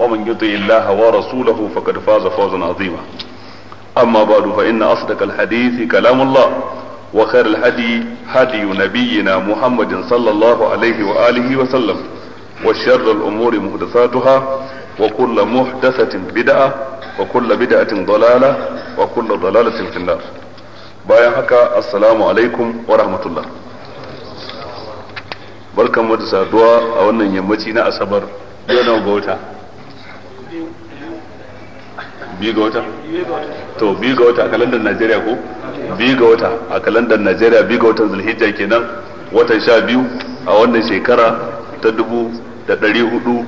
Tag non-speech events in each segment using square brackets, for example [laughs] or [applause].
ومن يطع الله ورسوله فقد فاز فوزا عظيما أما بعد فإن أصدق الحديث كلام الله وخير الهدي هدي نبينا محمد صلى الله عليه وآله وسلم وشر الأمور محدثاتها وكل محدثة بدعة وكل بدعة ضلالة وكل ضلالة في النار bayan haka assalamu alaikum wa rahmatullah barkan mu da saduwa a wannan yammaci na asabar yau na wata biyu ga wata to biyu ga wata a kalandar Najeriya ko biyu ga wata a kalandar Najeriya biyu ga watan Zulhijja kenan watan sha biyu a wannan shekara ta dubu da ɗari hudu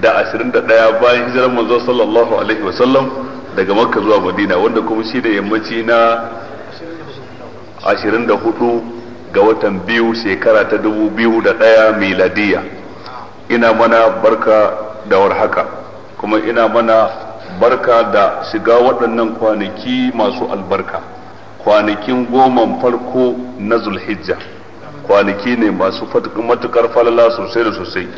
da ashirin da ɗaya bayan hijirar manzo sallallahu alaihi wasallam daga makka zuwa madina wanda kuma shi da yammaci na ashirin da hudu ga watan biyu shekara ta dubu biyu da ɗaya miladiya ina mana barka da warhaka kuma ina mana barka da shiga waɗannan kwanaki masu albarka kwanakin goman farko na zulhijja kwanaki ne masu matukar falala sosai da sosai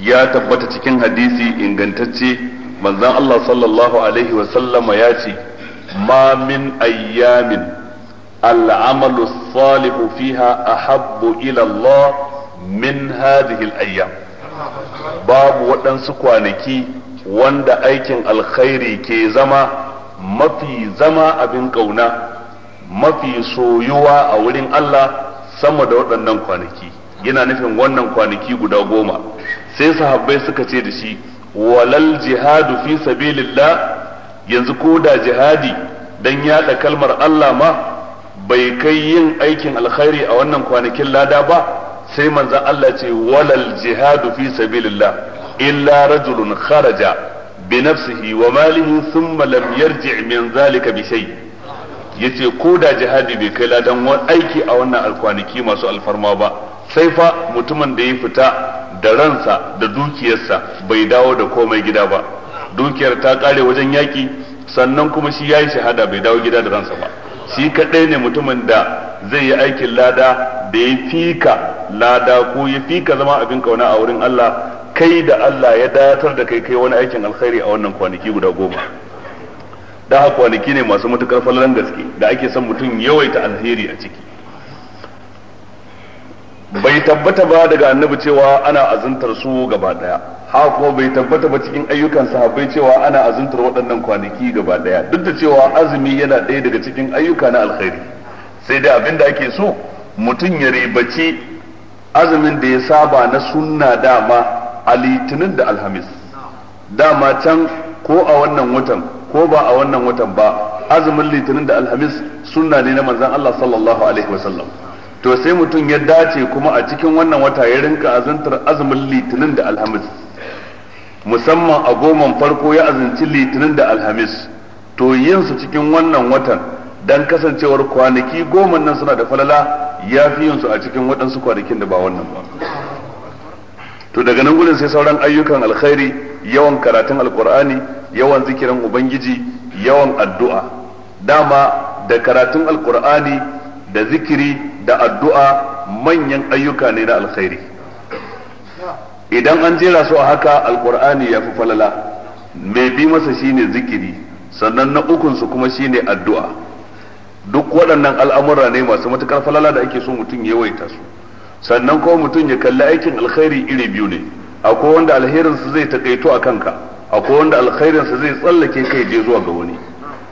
ya tabbata cikin hadisi ingantacce manzon Allah sallallahu alaihi Wasallama ya ce ma min ayyamin al'amalu salihu fiha ahabbu ila Allah min hadhihi al babu waɗansu kwanaki wanda aikin alkhairi ke zama mafi zama abin kauna mafi soyuwa a wurin Allah sama da waɗannan kwanaki yana nufin wannan kwanaki guda goma sai sahabbai suka ce da shi walal jihadu fi sabilillah yanzu ko da jihadi dan yaɗa kalmar Allah ma bai kai yin aikin alkhairi a wannan kwanakin lada ba sai manzan Allah ce walal jihadu fi sabilillah illa rajulun kharaja بنفسه وماله wa malihi يرجع من ذلك بشيء zalika bishai yace ko da jihadi bai kai ladan wani aiki a wannan alkwanaki masu alfarma ba sai fa mutumin da ya fita da ransa da dukiyarsa bai dawo da komai gida ba dukiyar ta kare wajen yaki sannan kuma shi ya yi shahada bai dawo gida da ransa ba shi kaɗai ne mutumin da zai yi aikin lada da ya fika lada ko ya fika zama abin kauna a wurin Allah kai da Allah ya datar da kai kai wani aikin alkhairi a wannan kwanaki guda goma da haka kwanaki ne masu matukar falon gaske da ake son mutum yawaita alheri a ciki bai tabbata ba daga annabi cewa ana azuntar su gaba daya ha kuma bai tabbata ba cikin ayyukan sahabbai cewa ana azuntar waɗannan kwanaki gaba daya duk da cewa azumi yana ɗaya daga cikin ayyuka na alkhairi sai dai abin da ake so mutum ya ribaci azumin da ya saba na sunna dama a litinin da alhamis dama can ko a wannan watan ko ba a wannan watan ba azumin litinin da alhamis sunna ne na manzon Allah sallallahu alaihi wasallam to sai mutum ya dace kuma a cikin wannan wata ya rinka azantar azumin litinin da alhamis musamman a goman farko ya azanci litinin da alhamis to yin su cikin wannan watan dan kasancewar kwanaki goma nan suna da falala ya fi yin su a cikin waɗansu kwanakin da ba wannan ba to daga nan gudun sai sauran ayyukan alkhairi yawan karatun alkur'ani yawan zikirin ubangiji yawan addu'a dama da karatun alkur'ani da zikiri da addu'a manyan ayyuka ne na alkhairi idan an jera su a haka alkur'ani ya fi falala mai bi masa shine zikiri sannan na ukun su kuma shine addu'a duk waɗannan al'amura ne masu matukar falala da ake so mutum ya waita su sannan kuma mutum ya kalli aikin alkhairi iri biyu ne akwai wanda alherinsa zai takaito a kanka akwai wanda alkhairinsu zai tsallake kai je zuwa ga wani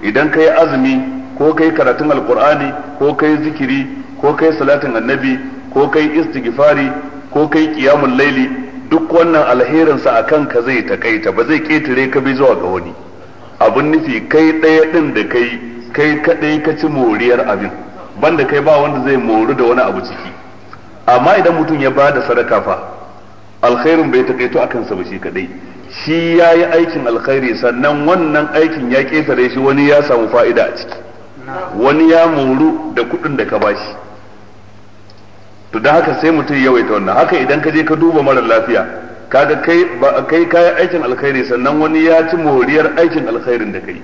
idan ka yi azumi ko kai karatun alqur'ani ko kai zikiri ko kai salatin annabi ko kai istighfari ko kai qiyamul laili duk wannan alherin sa akan ka zai takaita ba zai ketare ka bi zuwa ga wani abun nufi kai ɗaya din da kai kai kadai ka ci moriyar abin banda kai ba wanda zai moru da wani abu ciki amma idan mutum ya bada sadaka fa alkhairin bai takaito akan sa ba shi kadai shi yayi aikin alkhairi sannan wannan aikin ya ketare shi wani ya samu fa'ida a ciki wani ya muru da kuɗin da ka bashi to da haka sai mutum yawaita wannan haka idan ka je ka duba mara lafiya kaga kai ba kai aikin alkhairi sannan wani ya ci moriyar aikin alkhairin da kai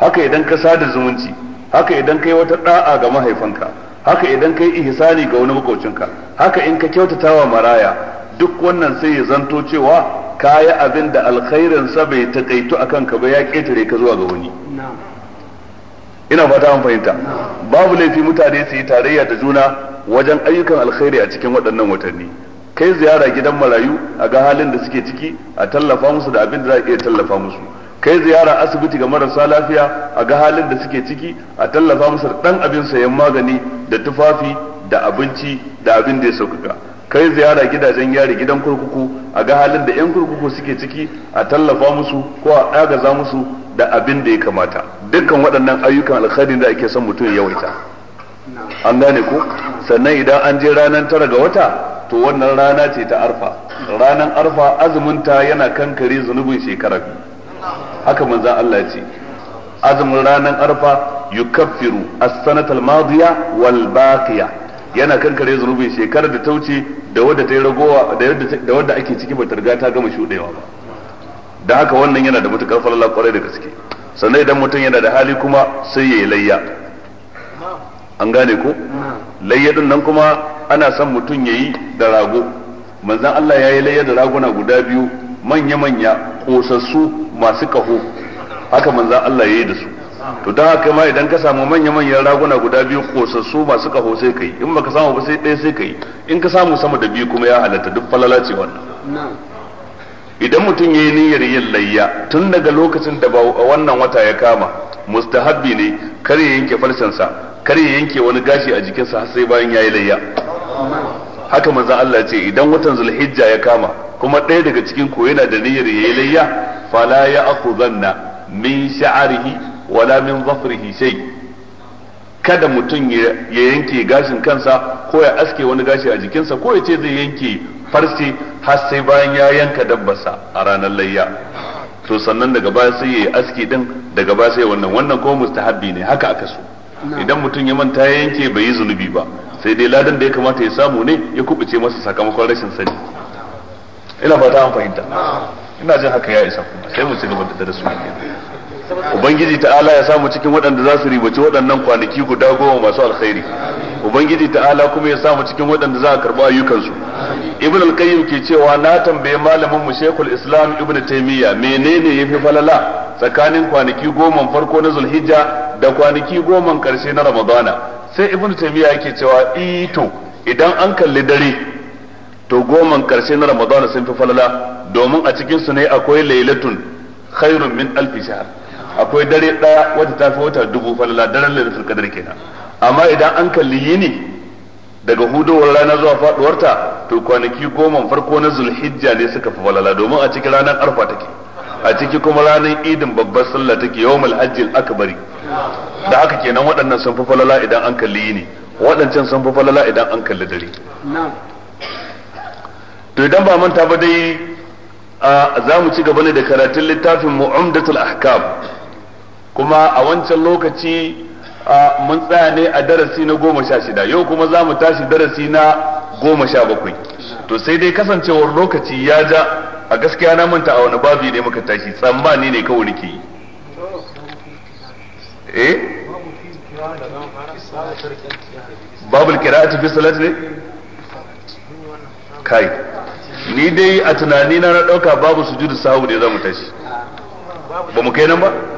haka idan ka sada zumunci haka idan kai wata da'a ga mahaifanka haka idan kai ihsani ga wani makocinka haka in ka kyautata wa maraya duk wannan sai ya zanto cewa kayi abin da alkhairin sa bai takaitu akan ka ba ya ketare ka zuwa ga wani ina fata an fahimta babu laifi mutane su yi tarayya da juna wajen ayyukan alkhairi a cikin waɗannan watanni kai ziyara gidan marayu a ga halin da suke ciki a tallafa musu da abin da za a iya tallafa musu kai ziyara asibiti ga marasa lafiya a ga halin da suke ciki a tallafa musu da ɗan abin sayan magani da tufafi da abinci da abin da ya sauƙaƙa kai ziyara gidajen yari gidan kurkuku a ga halin da 'yan kurkuku suke ciki a tallafa musu ko a agaza musu da abin da ya kamata dukkan waɗannan ayyukan alkhairi da ake son mutum ya yawaita an gane ko sannan idan an je ranar tara ga wata to wannan rana ce ta arfa ranar arfa azumin ta yana kankare zunubin shekarar haka manzan Allah ce azumin ranar arfa yukaffiru as sanatal madiya wal baqiya yana kankare zunubin shekarar da ta wuce da wadda ta ragowa da wadda ake ciki ba riga ta gama shudewa ba da haka wannan yana da matukar falala kwarai da gaske sannan idan mutum yana da hali kuma sai ya yi layya an gane ko layya din nan kuma ana son mutum ya yi da rago manzan Allah ya yi layya da raguna guda biyu manya-manya kosassu masu kaho haka manzan Allah ya yi da su to don haka ma idan ka samu manya-manyan raguna guda biyu kosassu masu kaho sai kai in baka samu ba sai ɗaya sai kai in ka samu sama da biyu kuma ya halatta duk falala ce wannan idan mutum ya yi niyyar yin layya tun daga lokacin da ba wannan wata ya kama mustahabbi ne kar ya yanke farsansa kar ya yanke wani gashi a jikinsa sai bayan ya yi layya haka manzo Allah ce idan watan zulhijja ya kama kuma ɗaya daga cikin ko yana da niyyar ya yi layya fala ya zanna min sha'rihi wala min dhafrihi shay kada mutum ya yanke gashin kansa ko ya aske wani gashi a jikinsa ko ya ce zai yanke farce har sai bayan ya yanka dabbasa a ranar layya to sannan daga baya sai ya yi din daga baya sai wannan wannan ko mustahabbi ne haka aka so idan mutum ya manta ya yanke bai yi zunubi ba sai dai ladan da ya kamata ya samu ne ya kubuce masa sakamakon rashin sani ina fata an fahimta ina jin haka ya isa kuma sai mu ci gaba da darasu ubangiji ta'ala ya samu cikin waɗanda za su ribaci waɗannan kwanaki guda goma masu alkhairi ubangiji ta'ala kuma ya samu cikin waɗanda za a karɓi ayyukansu ibn al-qayyim ke cewa na tambaye malamin mu shekul islam ibn taymiya menene yafi falala tsakanin kwanaki goma farko na zulhijja da kwanaki goma karshe na ramadana sai ibn taymiya yake cewa ito eh idan an kalli dare to goman karshe na ramadana sun fi falala domin a cikin su ne akwai lailatun khairun min alfi shahr akwai dare daya wata ta fi wata dubu falala daren lailatul qadr kenan amma idan an kalli yini daga hudowar rana zuwa faduwarta to kwanaki goma farko na zulhijja ne suka fi falala domin a cikin ranar arfa take a ciki kuma ranar idin babbar sallah take yawmul hajjil akbari da haka kenan waɗannan sun fi falala idan an kalli yini waɗancan sun fi falala idan an kalli dare to idan ba manta ba dai za mu ci gaba ne da karatun littafin mu'amdatul ahkam kuma a wancan lokaci mun tsaya ne a darasi na goma sha shida yau kuma za mu tashi darasi na goma sha bakwai to sai dai kasancewar lokaci ya ja a gaskiya na manta a wani babi ne muka tashi tsammani ne kawai nake yi eh kira a tafi salat ne kai ni dai a tunani na na dauka babu sujudu sahu ne za mu tashi ba mu kai nan ba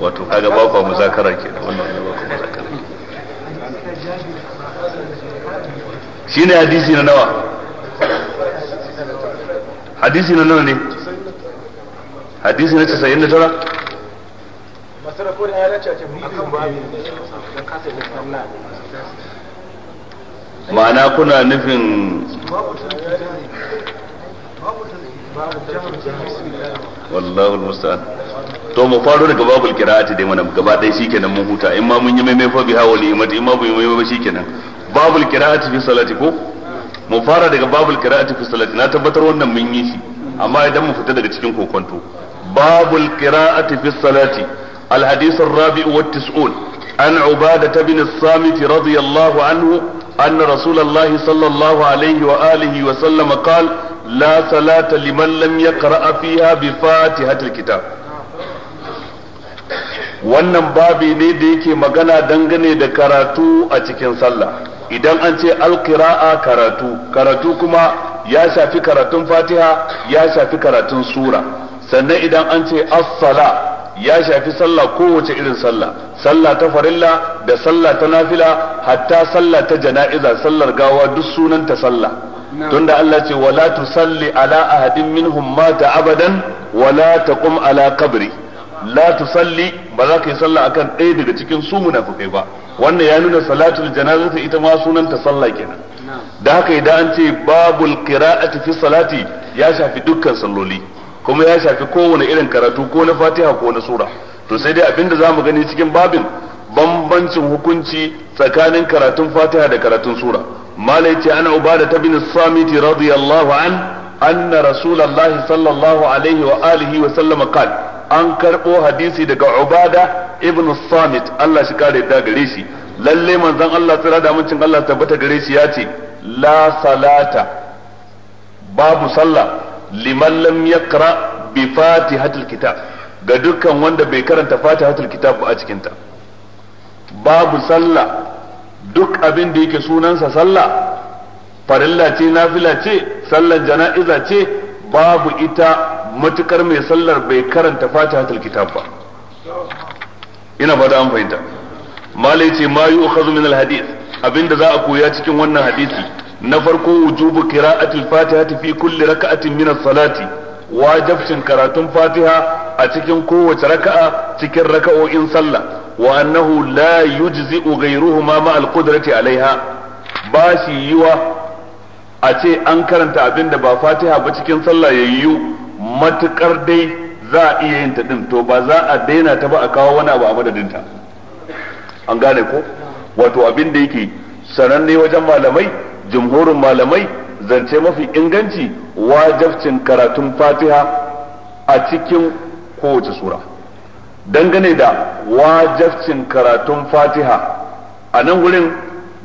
wato kaga ba kwa muzakara ke da wannan ba kwa muzakara shine hadisi na nawa hadisi na nawa ne hadisi na 99 masara ko ya ce mu kan da kasa sallah ma'ana kuna nufin wallahu musta'an to mu faro daga babul qira'ati dai mana gaba dai shikenan mun huta in ma mun yi maimai fa biha wal imati in ma mun yi maimai shikenan babul qira'ati fi salati ko mu fara daga babul qira'ati fi salati na tabbatar wannan mun yi shi amma idan mu fita daga cikin kokonto babul qira'ati fi salati al hadith ar rabi wa tis'un an ubada bin as-samit radiyallahu anhu أن رسول alayhi wa الله عليه وآله وسلم قال لا صلاة لمن لم يقرأ فيها بفاتحة الكتاب wannan babi ne da yake magana dangane da karatu a cikin sallah idan an ce alkira'a karatu karatu kuma ya shafi karatun fatiha ya shafi karatun sura sannan idan an ce as ya shafi sallah kowace irin sallah sallah ta farilla da sallah ta nafila hatta sallah ta jana'iza sallar gawa duk sunanta sallah tunda Allah ce wala tusalli ala ahadin minhum mata abadan wala taqum ala kabri la tusalli ba za ka yi sallah akan ɗaya daga cikin su munafikai ba wannan ya nuna salatul janazata ita ma sunan ta sallah kenan da haka idan an ce babul qira'ati fi salati ya shafi dukkan salloli kuma ya shafi kowane irin karatu ko na fatiha ko na sura to sai dai abinda za mu gani cikin babin bambancin hukunci tsakanin karatun fatiha da karatun sura malai ce ana ubada ta bin samiti radiyallahu an anna rasulullahi sallallahu alaihi wa alihi wa sallama qala an karɓo hadisi daga ubada ibn samit Allah shi kare da gare shi lalle manzon Allah tsira da mincin Allah tabbata gare shi ya ce la salata babu sallah liman lam yaqra bi fatihatul kitab ga dukkan wanda bai karanta fatihatul kitab ba a cikin ta babu sallah duk abin da yake sunansa sallah farilla ce nafila ce sallar jana'iza ce babu ita matukar mai sallar bai karanta fatihatul kitab ba ina da an fahimta malai ce ma yi ukhazu min alhadith abinda za a koya cikin wannan hadisi na farko wujubu qira'atil fatiha fi kulli raka'atin min as-salati wajibcin karatun fatiha a cikin kowace raka'a cikin raka'o'in sallah wa annahu la yujzi'u ghayruhuma ma al-qudrati alaiha ba shi yiwa a ce an karanta abinda ba fatiha ba cikin sallah yayyu matukar dai za a iya yin ta din to ba za a daina ta ba a kawo wani abu a madadinta an gane ko wato abin da yake sananne wajen malamai jumhurin malamai zance mafi inganci wajabcin karatun fatiha a cikin kowace sura dangane da wajabcin karatun fatiha a nan wurin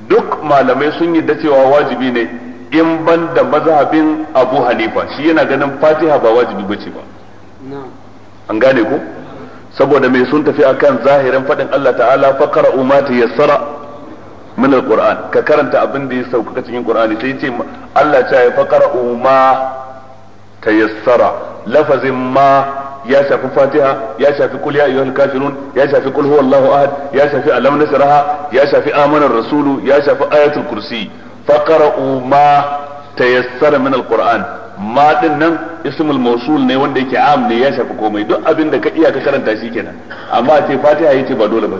duk malamai sun yi da wajibi ne in ban da mazhabin Abu Hanifa shi yana ganin Fatiha ba wajibi bace ba an gane ko saboda mai sun tafi akan zahirin faɗin Allah ta'ala faqara ma tayassara min alquran ka karanta abin da ya sauka cikin qur'ani sai ce Allah ta ya faqara ma tayassara lafazin ma ya shafi fatiha ya shafi kul ya ayyuhal kafirun ya shafi kul huwallahu ahad ya shafi alam nasraha ya shafi amanar rasulu ya shafi ayatul kursi faqra'u ma tayassara min alquran ma din nan ismul mawsul ne wanda yake am ne ya shafi komai duk abin da ka iya ka karanta shi kenan amma ce fatiha yace ba dole ba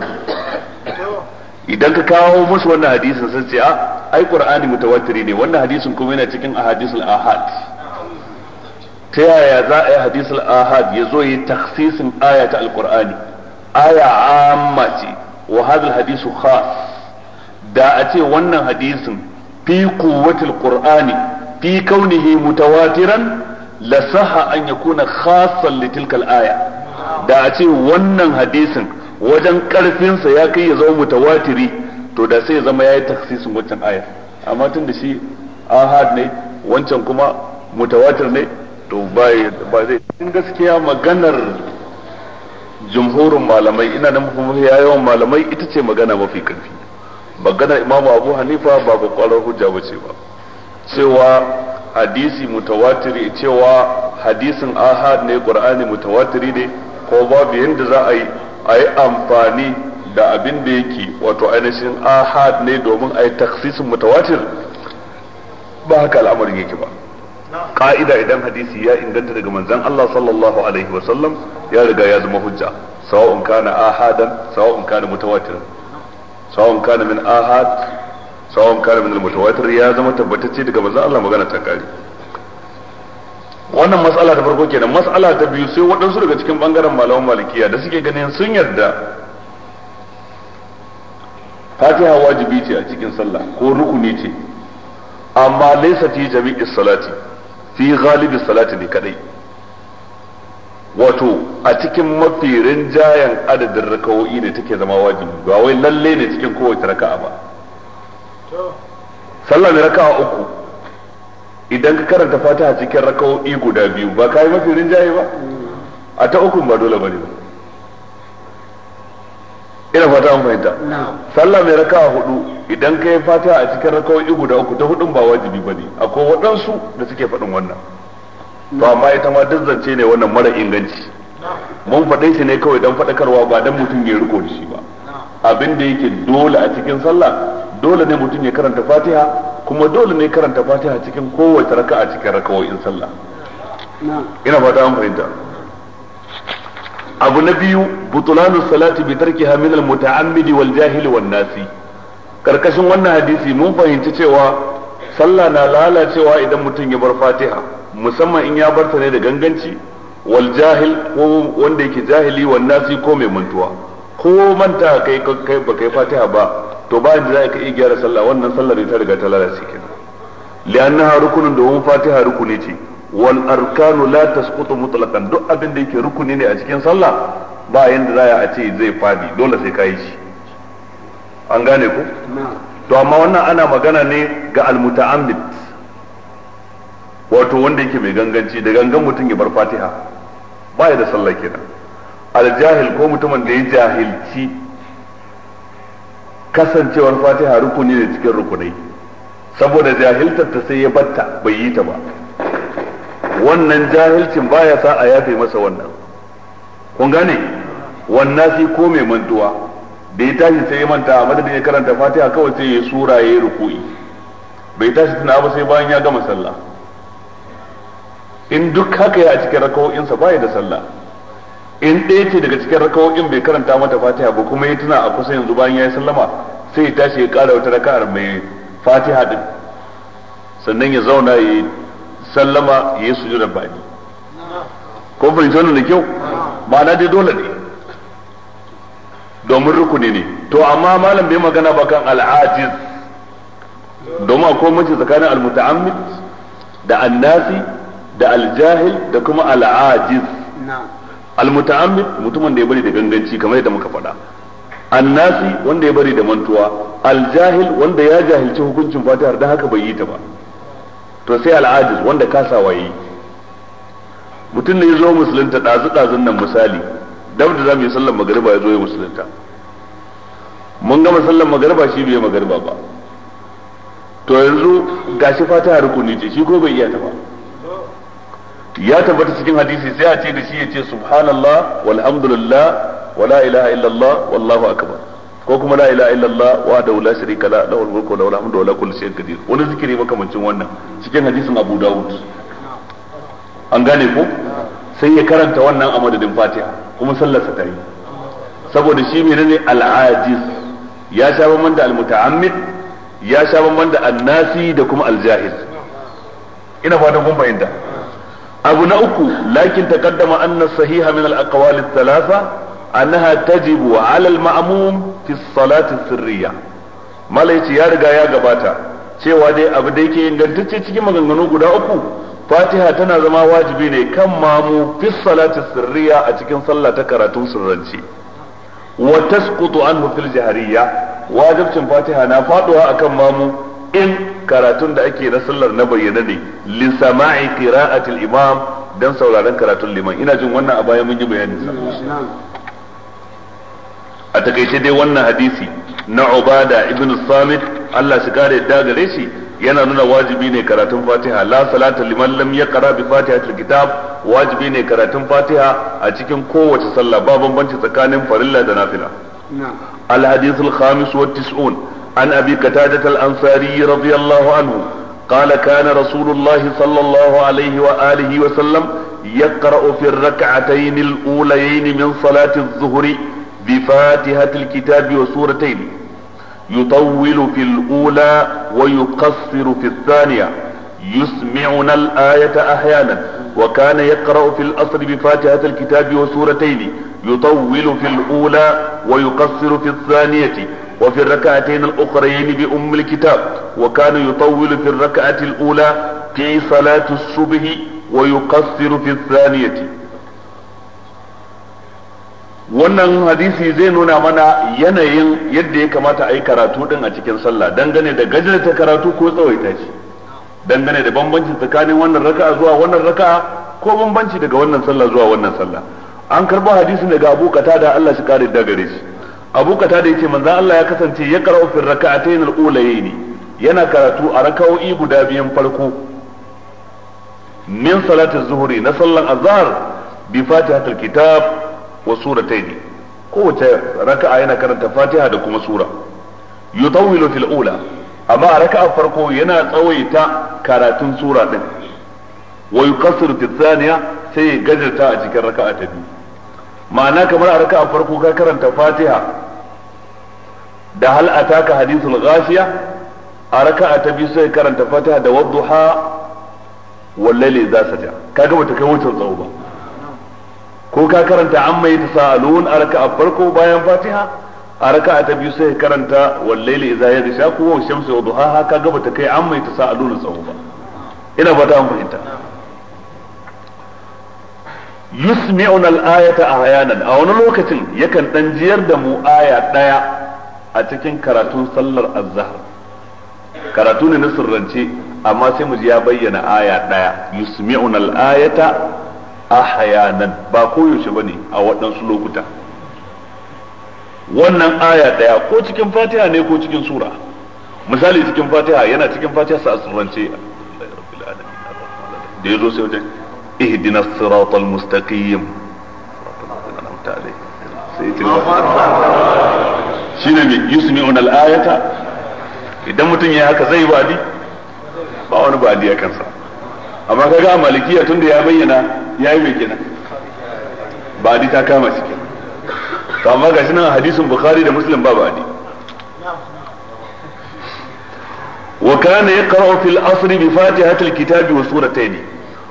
idan ka kawo musu wannan hadisin sun ce ah, ai qur'ani mutawatiri ne wannan hadisin kuma yana cikin ahadisul ahad ta yaya za a yi hadisul ahad ya zo yi takhsisin aya ta alqur'ani aya amma ce wa hadal hadisu khas da a ce wannan hadisin fi quwwatil qur'ani fi kaunihi mutawatiran la saha an yakuna khassan li tilka aya da a ce wannan hadisin wajen karfinsa ya kai ya zama mutawatiri to da sai ya zama ya yi taksisin wancan aya amma tun da shi ahad ne wancan kuma mutawatir ne to ba zai in gaskiya maganar jumhurin malamai ina nan mafi yawan malamai ita ce magana mafi karfi maganar imamu abu hanifa ba kwarar hujja ba ce ba cewa hadisi mutawatiri cewa hadisin ahad ne qur'ani mutawatiri ne ko babu yadda za a yi a yi amfani da abin da yake wato ainihin ahad ne domin a yi taksisin mutawatir ba haka al'amarin yake ba ka'ida idan hadisi ya inganta daga manzan Allah sallallahu alaihi wasallam ya riga ya zama hujja sawa'un kana ahadan sawa'un kana mutawatirin Tsawon kana min ahad tsawon kana min mutawatir ya zama tabbatacce daga manzon Allah magana ta kare wannan matsala ta farko kenan matsala ta biyu sai waɗansu daga cikin bangaren malaman malikiya da suke ganin sun yarda fatiha wajibi ce a cikin sallah ko rukuni ce amma laysa fi jami'is salati fi ghalibi salati ne kadai wato a cikin mafi rinjayen adadin rakawo'i ne take zama wajibi ba wai lalle ne cikin kowace raka'a ba sallah mai raka'a uku idan ka karanta fatiha cikin rakawo'i guda biyu ba ka yi mafi rinjaye ba mm. a ta ukun ba dole bane ina fata an fahimta sallah mai raka'a hudu idan ka yi fatiha a cikin rakawo'i guda uku ta hudun ba wajibi bane akwai waɗansu da suke faɗin wannan to amma ita ma duk zance ne wannan mara inganci mun faɗe shi ne kawai dan faɗakarwa ba dan mutum ya riko da shi ba abin da yake dole a cikin sallah dole ne mutum ya karanta fatiha kuma dole ne karanta fatiha cikin kowace raka a cikin rakawoyin sallah ina fata an fahimta abu na biyu butulanu salati bi tarki min muta'ammidi wal jahili wal nasi karkashin wannan hadisi mun fahimci cewa sallah na lalacewa idan mutum ya bar fatiha musamman in ya bar ta ne da ganganci wal jahil ko wanda yake jahili wan nasi ko mai mantuwa ko manta kai kai ba kai fatiha ba to ba inda za ka iya gyara sallah wannan sallar ta riga ta lalace kenan li'annaha rukunin domin fatiha rukuni ce wal arkanu la tasqutu mutlaqan duk abin da yake rukuni ne a cikin sallah ba yanda za a ce zai fadi dole sai ka yi shi an gane ku to amma wannan ana magana ne ga almuta'ammid wato wanda yake mai ganganci da gangan mutum ya bar fatiha ya da sallah kenan aljahil ko mutumin da ya jahilci kasancewar fatiha rukuni ne cikin rukunai saboda jahiltar ta sai ya batta bai yi ta ba wannan jahilcin baya sa a yafe masa wannan kun gane wannan ko mai mantuwa da ya tashi sai ya manta a madadin ya karanta fatiha kawai sai ya sura ya yi ruku'i bai tashi tuna ba sai bayan ya gama sallah in duk haka ya a cikin rakawo'insa ya da sallah in ɗaya ce daga cikin rakawo'in bai karanta mata fatiha ba kuma ya tuna a kusa yanzu bayan ya yi sallama sai ya tashi ya ƙara wata raka'ar mai fatiha din sannan ya zauna ya yi sallama ya yi sujudar bani ko fahimci wannan da kyau ma'ana dai dole ne domin rukuni ne to amma malam bai magana ba kan al'ajiz domin akwai mace tsakanin al-muta'ammid da annasi da aljahil da kuma al'ajiz al-muta'ammid mutumin da ya bari da ganganci kamar yadda muka faɗa annasi wanda ya bari da mantuwa aljahil wanda ya jahilci hukuncin fatihar da haka bai yi ta ba to sai al'ajiz wanda kasawa yi mutum ne ya zo musulunta ɗazu-ɗazun nan misali dab da zamu yi sallar magariba ya zo ya musulunta mun gama sallar magariba shi bai magariba ba to yanzu gashi fata rukuni ce shi ko bai iya ta ba ya tabbata cikin hadisi sai a ce da shi ya ce subhanallah walhamdulillah wala ilaha illallah wallahu akbar ko kuma la ilaha illallah wa da la sharika la lahul mulku wa lahul hamdu wa la kulli shay'in qadir wani zikiri makamancin wannan cikin hadisin Abu Dawud an gane ko sai ya karanta wannan a madadin fatiha kuma sallarsa ta yi saboda shi menene al'ajiz ya sha bamban da almuta'ammid ya sha bamban da annasi da kuma aljahil ina fatan kun fahimta abu na uku lakin taqaddama anna sahiha min al-aqwal ath-thalatha annaha tajibu 'ala al-ma'mum fi as-salati sirriya malaici ya riga ya gabata cewa dai abu da yake ingantacce cikin maganganu guda uku fatiha tana zama wajibi ne kan mamu fi salati sirriya a cikin sallah ta karatun sirranci wa tasqutu anhu fil jahariyya wajibcin fatiha na faduwa akan mamu in karatun da ake na sallar na bayyana ne li sama'i qira'ati al imam dan sauraron karatun liman ina jin wannan a baya mun yi bayanin sa a takaice dai wannan hadisi na Ubada ibn Samit Allah shi kare daga gare shi yana nuna wajibi ne karatun fatiha la salata liman lam yaqra bi fatihatil kitab wajibi ne karatun fatiha a cikin kowace sallah ba bambanci tsakanin farilla da nafila al hadith al khamis wa tis'un an abi qatadah al ansari radiyallahu anhu قال كان رسول الله صلى الله عليه وآله وسلم يقرأ في الركعتين الأوليين من صلاة الظهر بفاتحة الكتاب وسورتين يطول في الاولى ويقصر في الثانية يسمعنا الآية أحيانا وكان يقرأ في الأصل بفاتحة الكتاب وسورتين يطول في الأولى ويقصر في الثانية وفي الركعتين الأخرين بأم الكتاب وكان يطول في الركعة الأولى في صلاة الصبح ويقصر في الثانية wannan hadisi zai nuna mana yanayin yadda ya kamata a yi karatu din a cikin sallah dangane da gajarta karatu ko tsawaita shi dangane da bambanci tsakanin wannan raka'a zuwa wannan raka'a ko bambanci daga wannan sallah zuwa wannan sallah an karba hadisin daga Abu da Allah shi kare da gare shi Abu Qatada yace manzo Allah ya kasance ya qara'u fil raka'atayn al-ulayayn yana karatu a raka'o'i guda biyan farko min salati zuhri na sallan azhar bi fatihatul kitab wa suratayn kowace raka'a yana karanta fatiha da kuma sura yutawwilu fil ula a farko yana tsawaita karatun sura din wa yuqassiru fi thaniya sai ya gajarta a cikin raka'a ta biyu ma'ana kamar a raka'a farko ka karanta fatiha da hal ataka hadithul ghashiya a raka'a ta biyu sai karanta fatiha da wadduha wallahi za ka gama ta kai wucin tsawo ko ka karanta an mai ta sa'alun a a farko bayan fatiha a a ta biyu sai karanta wallaili idza ya gisha ko wa shamsu wa duhaha ka gaba ta kai an mai ta sa'alun tsawo ba ina fata an fahimta yusmi'una al-ayata ahyanan a wani lokacin yakan dan jiyar da mu aya daya a cikin karatun sallar azhar karatu ne na sirrance amma sai mu ji ya bayyana aya daya yusmi'una al-ayata nan ba koyaushe ba ne a waɗansu lokuta wannan aya ɗaya ko cikin fatiha ne ko cikin sura misali cikin fatiha yana cikin fatiha sa asirance da ya zo sai wajen ihdina siratal mustaqim shine mai al idan mutum ya haka zai badi ba wani badi a kansa amma kaga a malikiya tun da ya bayyana ya yi mai kenan ba ta kama shi ke to amma gashi nan hadisin bukhari da muslim ba ba wa kana yaqra'u fil asr bi fatihatil kitabi wa suratayn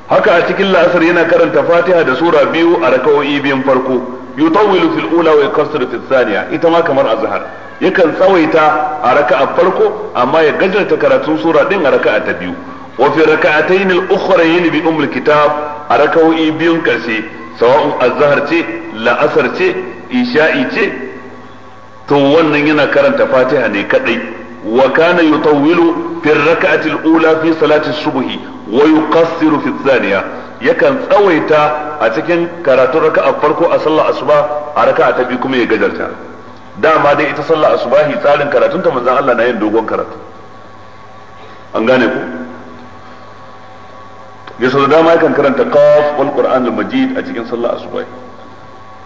haka a cikin la'asar yana karanta fatiha da sura biyu a raka'o'i biyun farko yutawwilu fil ula wa yaqassiru fil thaniya ita ma kamar azhar yakan tsawaita a raka'a farko amma ya gajarta karatun sura din a raka'a ta biyu wa fi rak'atayn al-ukhrayn bi umm al-kitab a rak'o'i biyun karshe sawa'un azhar ce la'asar ce isha'i ce to wannan yana karanta fatiha ne kadai wa kana yutawwilu fi rak'ati al fi salati as-subh wa yuqassiru fi ath-thaniya yakan tsawaita a cikin karatun a farko a sallar asuba a raka'a ta biyu kuma ya gajarta dama dai ita sallar asubahi tsarin karatunta manzon Allah na yin dogon karatu an gane ku ya sau da dama yakan karanta qaf wal qur'an al majid a cikin sallar asuba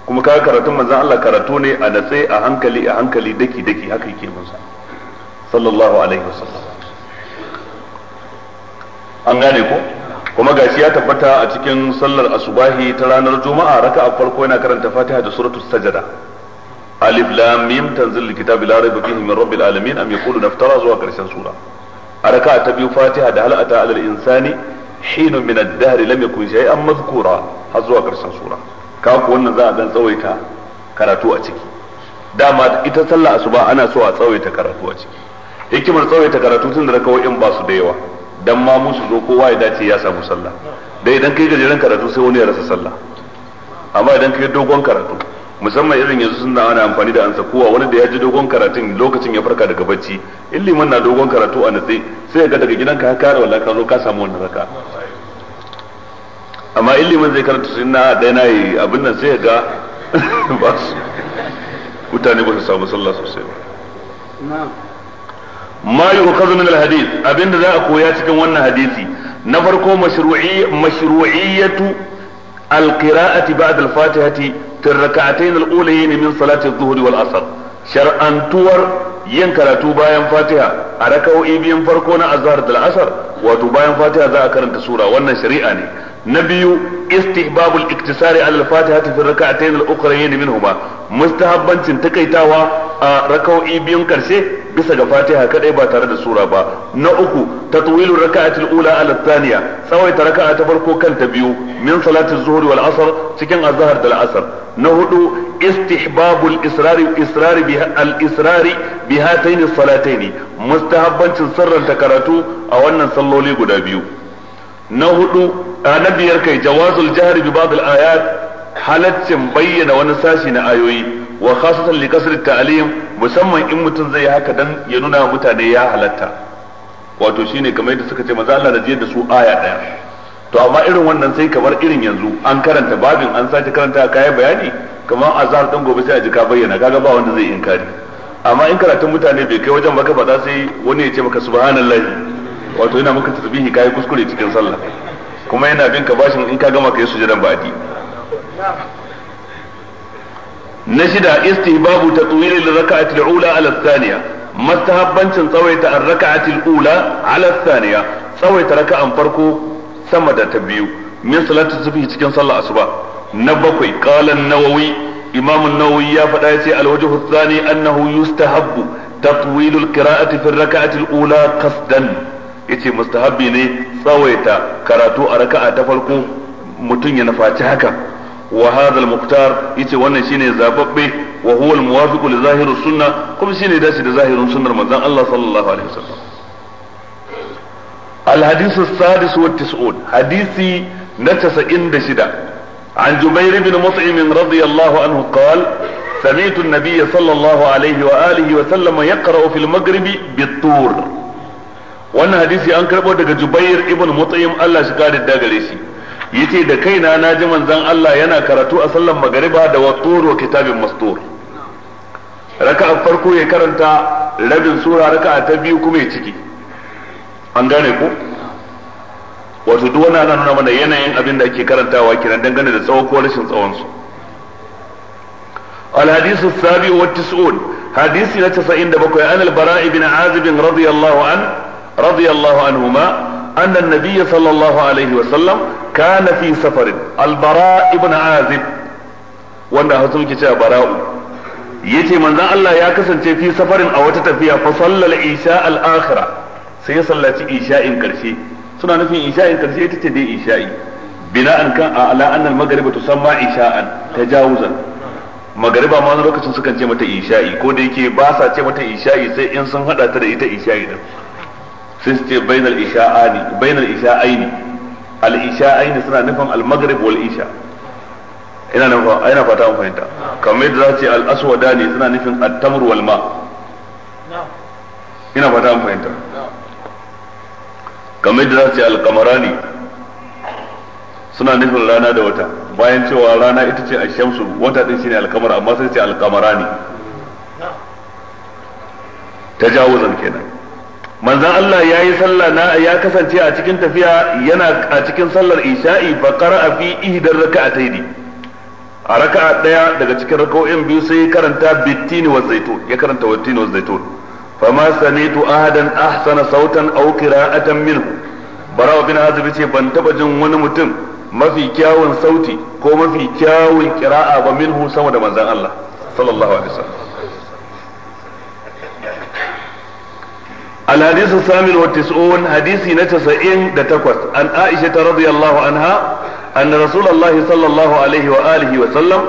kuma kaga karatun manzon Allah karatu ne a natse a hankali a hankali daki daki haka yake musa sallallahu alaihi wasallam an gane ko kuma gashi ya tabbata a cikin sallar asubahi ta ranar juma'a raka'a farko yana karanta fatiha da suratul sajada alif lam mim tanzilul kitabi la raiba fihi min rabbil alamin am yaquluna naftara zuwa karshen sura a raka'a ta biyu fatiha da halata ata alal insani hinun min ad-dahr lam yakun shay'an mazkura har zuwa karshen sura ka wannan za a dan tsawaita karatu a ciki dama ita sallah asuba ana so a tsawaita karatu a ciki hikimar tsawaita karatu tun da rakawoyin ba su da yawa dan ma musu zo kowa ya dace ya samu sallah dai idan kai gajeren karatu sai wani ya rasa sallah amma idan kai dogon karatu musamman irin yanzu sun ana amfani da ansa kowa wani da ya ji dogon karatun lokacin ya farka daga bacci in liman na dogon karatu a natse sai ga daga gidanka ka kare wala ka zo ka samu wannan raka amma in liman zai karanta sun na da yana yi abin nan sai ga [laughs] ba su mutane ba su samu sallah sosai ba ma yu'khadhu min alhadith abinda za a koya cikin wannan hadisi na farko mashru'iyyatu القراءة بعد الفاتحة في الركعتين الأوليين من صلاة الظهر والعصر شرعا تور ينكر توبا فاتحة أركو إيبين فرقونا أزهر العصر وتوبا فاتحة ذا أكرن سورة وانا شريعاني نبي استحباب الاقتصار على الفاتحة في الركعتين الأخريين منهما مستحبا تكيتاوا ركو إيبين كرسي bisa ga fatiha kadai ba tare da sura ba na uku tatwilu raka'atul ula ala thaniya tsawaita raka'a ta farko kan ta biyu min salatin zuhur wal asr cikin azhar da asr na hudu istihbabul israri israri biha al israri bi hataini salataini mustahabbancin sirranta karatu a wannan salloli guda biyu na hudu na biyar kai jawazul jahri bi ba'd al ayat halaccin bayyana wani sashi na ayoyi wa khasatan li kasr ta'lim musamman in mutum zai haka dan ya nuna mutane ya halatta wato shine kamar yadda suka ce maza Allah da da su aya daya to amma irin wannan sai kamar irin yanzu an karanta babin an sake karanta yi bayani kamar azhar dan gobe sai a ji ka bayyana kaga ba wanda zai inkari amma in karatun mutane bai kai wajen baka faɗa sai wani ya ce maka subhanallahi wato yana maka tasbihi kai kuskure cikin sallah kuma yana bin ka bashin in ka gama kai sujudan ba'di na shida istihbabu babu raka'ati al-ula ala thaniya mustahabbancin tsawaita an rakaati ula ala thaniya tsawaita raka'an farko sama da ta biyu min salatu subhi cikin sallah asuba na bakwai kalan nawawi imam nawawi ya faɗa ya ce wajhu ath annahu yustahabbu tatwilul qira'ati fi ar ula qasdan yace mustahabbi ne tsawaita karatu a raka'a ta farko mutum ya nufaci haka wa hadha al-muqtar yace wannan shine zababbe wa huwa al-muwafiq li zahir sunna kuma shine dace da zahirin sunnar manzon Allah sallallahu alaihi wasallam الحديث السادس والتسعون حديثي نتس إند شدا عن جبير بن مطعم رضي الله عنه قال سمعت النبي صلى الله عليه وآله وسلم يقرأ في المغرب بالطور وانا حديثي أنكر بودك جبير ابن مطعم الله شكار الداغليسي yace da kaina na ji manzon Allah yana karatu a sallar magariba da wattur wa kitabin mastur raka'a farko ya karanta rabin sura raka'a ta biyu kuma ya ciki an gane ko wato duk wani ana nuna mana yanayin abin da ake karantawa kenan dangane da tsawon ko rashin tsawon su الحديث السابع والتسعون حديث نتسعين دبكو عن البراء بن عازب رضي الله عنه رضي الله عنهما Anan النبي صلى الله عليه وسلم كان في سفر البراء ابن عازب wanda hasu muke cewa bara'u yace manzon Allah ya kasance fi safarin a wata tafiya fa sallal isha al akhira sai ya sallaci isha'in karshe suna nufin isha'in karshe ita ce dai isha'i bina'an kan ala annal maghriba tusamma ta tajawuzan magariba ma lokacin sukan ce mata isha'i ko da yake ba ce mata isha'i sai in sun haɗa ta da ita isha'i din sai su ce bainal isha'ani bainal isha'aini al isha'aini suna nufin al maghrib wal isha ina nan ina fata mun fahimta kamar yadda za ce al aswadani suna nufin at tamr wal ma ina fata mun fahimta kamar yadda za ce al qamarani suna nufin rana da wata bayan cewa rana ita ce ashamsu wata din shine al qamar amma sai ce al qamarani tajawuzan kenan Manzan Allah ya yi sallah na ya kasance a cikin tafiya yana a cikin sallar isha'i fa qara'a fi ihdar raka'ataini a raka'a daya daga cikin raka'o'in biyu sai karanta bittini wa zaitun ya karanta wattini wa zaitun fama sami'tu ahadan ahsana sautan aw qira'atan minhu barawa bin azib ce ban taba jin wani mutum mafi kyawun sauti ko mafi kyawun qira'a ba minhu sama da manzan Allah sallallahu alaihi wasallam الحديث الثامن والتسعون حديث نتسعين دتكوت عن عائشة رضي الله عنها أن رسول الله صلى الله عليه وآله وسلم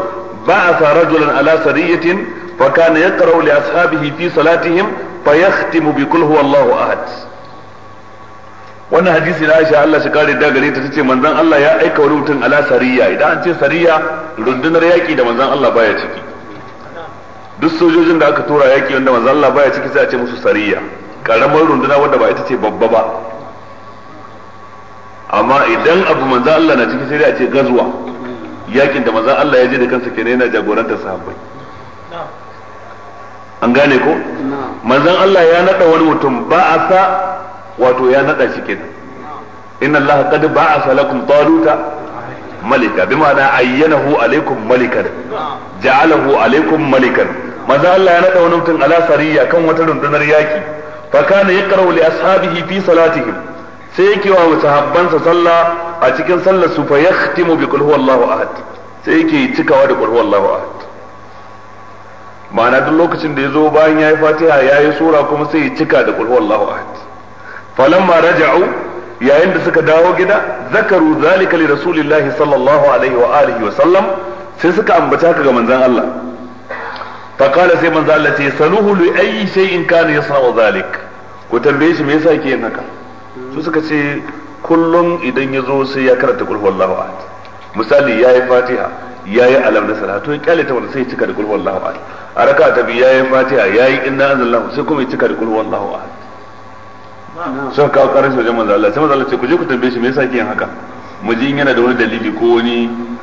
بعث رجلا على سرية فكان يقرأ لأصحابه في صلاتهم فيختم بكل هو الله أحد wannan hadisi da Aisha Allah shi kare da gare ta tace manzon Allah ya aika wani mutum ala sariya idan an ce sariya rundunar yaki da manzon Allah baya ciki duk sojojin da aka tura yaki wanda manzon Allah baya ciki sai a ce musu sariya karamar runduna wanda ba ita ce babba ba amma idan abu manzo Allah na ciki sai dai a ce gazuwa yakin da manzo Allah ya je da kansa kenan yana jagorantar sahabbai an gane ko manzon Allah ya nada wani mutum ba'asa wato ya nada shi kenan inna Allah qad ba'asa lakum taluta malika bima'ana ayyanahu alaikum malikan ja'alahu alaikum malikan manzon Allah ya nada wani mutum ala sariya kan wata rundunar yaki fa kana yaqra'u li ashabihi fi sai yake wa sahabbansa sallah a cikin sallar su fa yahtimu bi qul huwallahu ahad sai yake cikawa da qul huwallahu ahad ma'ana duk lokacin da yazo bayan yayi fatiha yayi sura kuma sai ya cika da qul huwallahu ahad falamma raja'u yayin da suka dawo gida zakaru zalika li rasulillahi sallallahu alaihi wa alihi wa sallam sai suka ambata ka ga manzon Allah فقال qala sai manzo Allah ce saluhu li ayi shay'in kana zalik ku tambaye shi me yasa yake yin haka su suka ce kullum idan yazo sai ya karanta kul huwallahu ahad misali yayi fatiha yayi alam da salatu to ya ta wanda sai ya cika da kul huwallahu a raka ta bi fatiha sun kawo karin sojan manzo Allah sai manzo ce ku je ku tambaye shi me yasa yake yin haka mu ji yana da wani dalili ko wani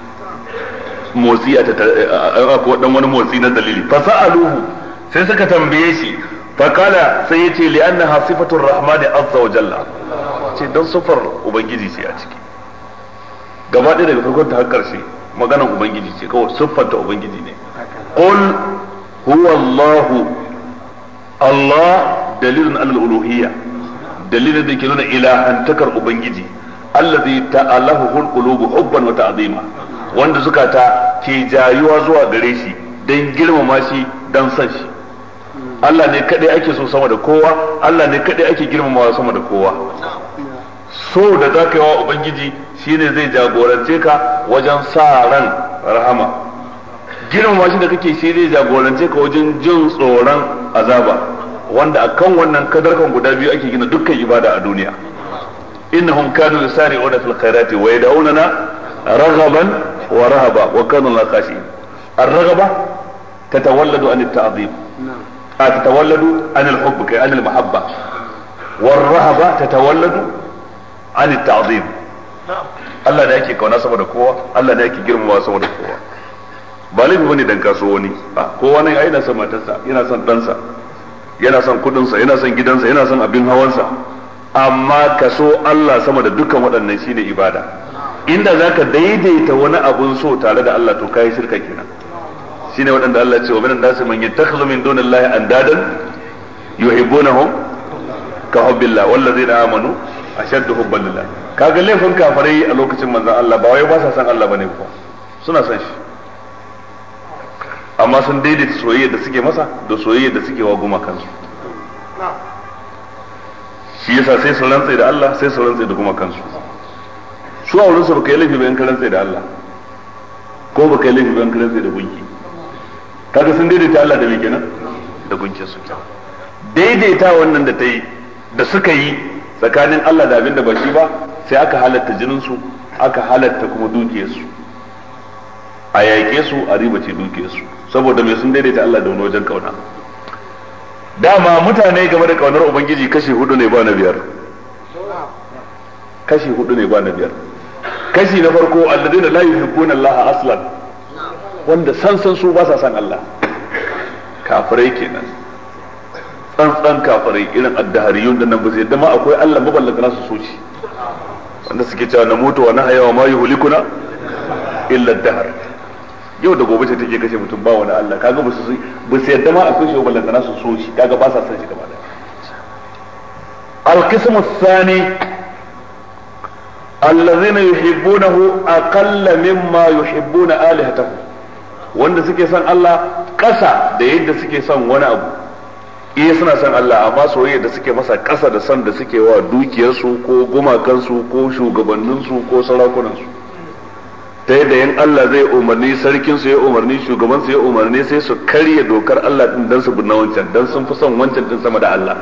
motsi a ko dan wani motsi na dalili fa sa'aluhu sai suka tambaye shi fa kala sai yace li annaha sifatur rahmani azza wa jalla ce dan sufar ubangiji ce a ciki gaba ɗaya daga farkon ta har ƙarshe maganar ubangiji ce kawai siffanta ubangiji ne qul huwa allah allah dalilun alal uluhiyya dalilin da ke nuna ilahantakar ubangiji allazi ta'alahu hul qulubu hubban wa ta'zima wanda zukata ke jayuwa zuwa gare shi don girmama shi don san shi Allah ne kadai ake so sama da kowa Allah ne kadai ake girmamawa sama da kowa so da za ka yi wa ubangiji shine zai jagorance ka wajen sa ran rahama girmama shi da kake shi zai jagorance ka wajen jin tsoron azaba wanda akan wannan kadarkan guda biyu ake gina dukkan ibada a duniya innahum kanu yusari'una fil khairati wa yad'unana raghaban wa rahaba wa kanu la khashin ar تتولد عن الحب عن المحبة والرهبة تتولد عن التعظيم Allah ne yake kauna sama da kowa Allah ne yake girmama sama da kowa ba laifi bane dan kaso wani ne ai yana son matarsa yana son ɗansa yana son kudinsa yana son gidansa yana son abin hawansa amma kaso Allah sama da dukkan waɗannan shine ibada inda za ka daidaita wani abun so tare da Allah to kai shirka kenan shine waɗanda Allah ce wa minan nasi man yattakhidhu min dunillahi andadan yuhibbunahum ka hubbillah wallazina amanu ashaddu hubban lillah kaga laifin kafirai a lokacin manzon Allah ba wai ba sa san Allah bane ko suna san shi amma sun daidaita soyayya da suke masa da soyayya da suke wa gumakansu shi yasa sai su rantsa da Allah sai su rantsa da gumakansu su a wurinsu baka yi laifi bayan karan sai da Allah ko baka yi laifi bayan karan sai da gunki kaga sun daidaita Allah da me kenan da gunkin su daidaita wannan da ta yi da suka yi tsakanin Allah da abin da ba shi ba sai aka halatta jinin su aka halatta kuma dukiyar su a yaƙe su a ribace dukiyar su saboda mai sun daidaita Allah da wani wajen kauna dama mutane game da kaunar ubangiji kashi hudu ne ba na biyar kashi hudu ne ba na biyar kashi na farko alladina la yuhibbuna Allah aslan wanda san san su ba sa san Allah kafirai kenan tsantsan kafirai irin addahariyun da nan ba zai ma akwai Allah maballaka su so shi wanda suke cewa na mutuwa na hayawa ma yuhlikuna illa dahar yau da gobe ce take kashe mutum ba wani Allah kaga ba su ba su yadda ma akwai shi maballaka su so shi kaga ba sa san shi gaba da al-qismu thani allazina yuhibbunahu aqalla mimma yuhibbuna alihatahu wanda suke son Allah ƙasa da yadda suke son wani abu iya suna son Allah amma soyayya da suke masa ƙasa da son da suke wa dukiyarsu ko gumakansu ko shugabanninsu ko sarakunansu ta yadda yin Allah zai umarni sarkin su ya umarni shugaban su ya umarni sai su karya dokar Allah din dan su binna wancan dan sun fi son wancan din sama da Allah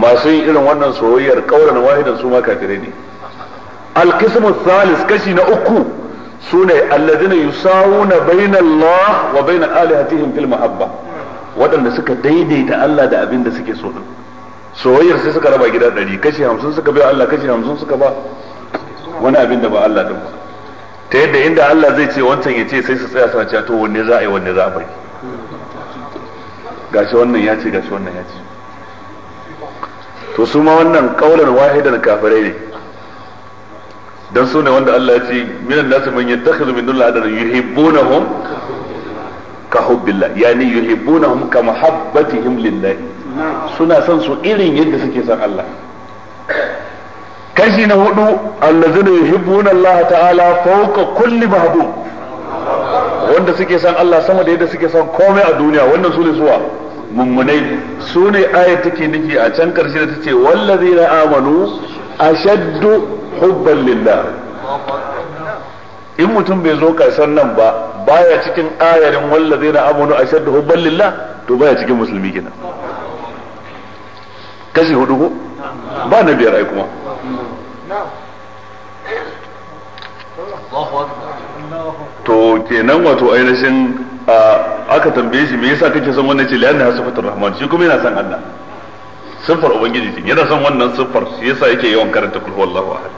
masu yin irin wannan soyayyar kauran wahidan su ma kafirai ne alqismu thalith kashi na uku sune alladhina yusawuna baina Allah wa baina alihatihim fil mahabba wadanda suka daidaita Allah da abin da suke so din soyayyar sai suka raba gida ɗari kashi hamsin suka bai Allah kashi hamsin suka ba wani abin da ba Allah din ba ta yadda inda Allah zai ce wancan ya ce sai su tsaya suna cewa to wanne za a yi wanne za a bari gashi wannan ya ce gashi wannan ya ce to su ma wannan kaular wahidan kafirai ne dan su ne wanda Allah ya ce minan nasu man yattakhidhu min dunillahi adan yuhibbunahum ka hubbillah yani yuhibbunahum ka mahabbatihim lillah suna son su irin yadda suke son Allah kashi na hudu allazina yuhibbuna Allah ta'ala fawqa kulli mahbub wanda suke son Allah sama da yadda suke son komai a duniya wannan su ne suwa mummunai su ne ayar take nufi a can karshe da tace na amanu shaddu hubban lillah in mutum bai zo karshen nan ba baya cikin ayarin na amanu shaddu hubban lillah to baya cikin musulmi kenan kashi hudu ko ba na biyar ai kuma to kenan wato ainihin a ah, aka tambaye shi me yasa kake son wannan ce lianna sifatur rahman shi kuma yana son Allah siffar ubangiji ce yana son wannan siffar shi yasa yake yawan karanta kul huwallahu ahad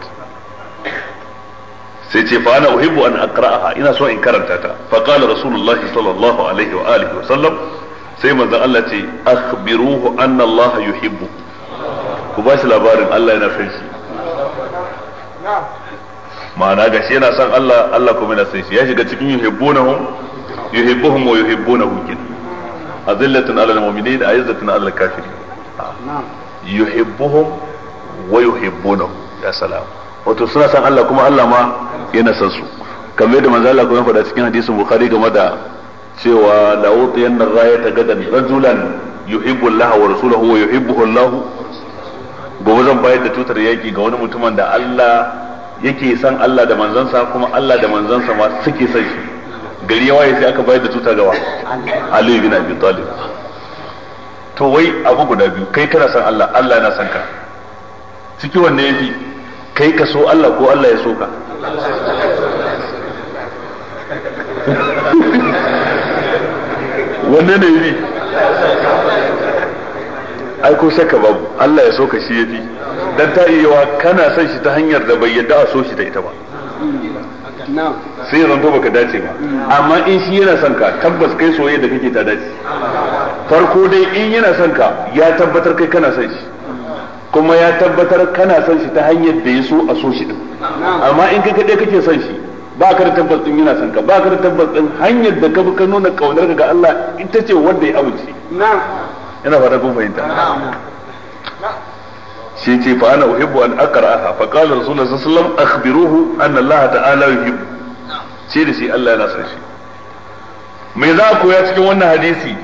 sai ce fa ana uhibbu an aqra'aha ina so in karanta ta fa qala rasulullah sallallahu alaihi wa alihi wa sallam sai manzon Allah ce akhbiruhu anna Allah yuhibbu ku ba shi labarin Allah yana son shi ma'ana gashi yana son Allah Allah kuma yana son shi ya shiga cikin yuhibbunahum yuhibbuhum wa yuhibbunahu kin azillatun alal mu'minin a'izzatun alal kafirin yuhibbuhum wa yuhibbunahu ya salam wato suna san Allah kuma Allah ma yana san su kamar yadda manzo Allah kuma faɗa cikin hadisin Bukhari game da cewa la utiyanna rayata gadan rajulan yuhibbu Allah wa rasuluhu wa yuhibbuhu Allah gobe zan bayar da tutar yaki ga wani mutumin da Allah yake san Allah da manzansa kuma Allah da manzansa ma suke san shi gari ya sai aka bayar da tuta gawa Ali bin Abi Talib to wai abu guda biyu kai kana san Allah Allah yana san ka ciki wanne yafi kai ka so Allah ko Allah ya so ka [laughs] wanne ne yafi ai ko shakka babu Allah ya so ka shi yafi dan ta iya kana son shi ta hanyar da bai yadda a so shi da ita ba sai ya zanto baka dace ba amma in shi yana son ka tabbas kai soyayya da kake ta dace farko dai in yana son ka ya tabbatar kai kana son shi kuma ya tabbatar kana son shi ta hanyar da ya so a so shi din amma in kai kaɗai kake son shi ba ka da tabbas din yana son ka ba ka da tabbas din hanyar da ka bi ka nuna kaunar ga Allah ita ce wanda ya amince ina fata kun fahimta shi ce fa ana uhibbu an aqra'aha fa qala rasulullahi sallallahu alaihi wasallam akhbiruhu anna Allah ta'ala yuhibbu ce da shi Allah yana son shi me za ku ya cikin wannan hadisi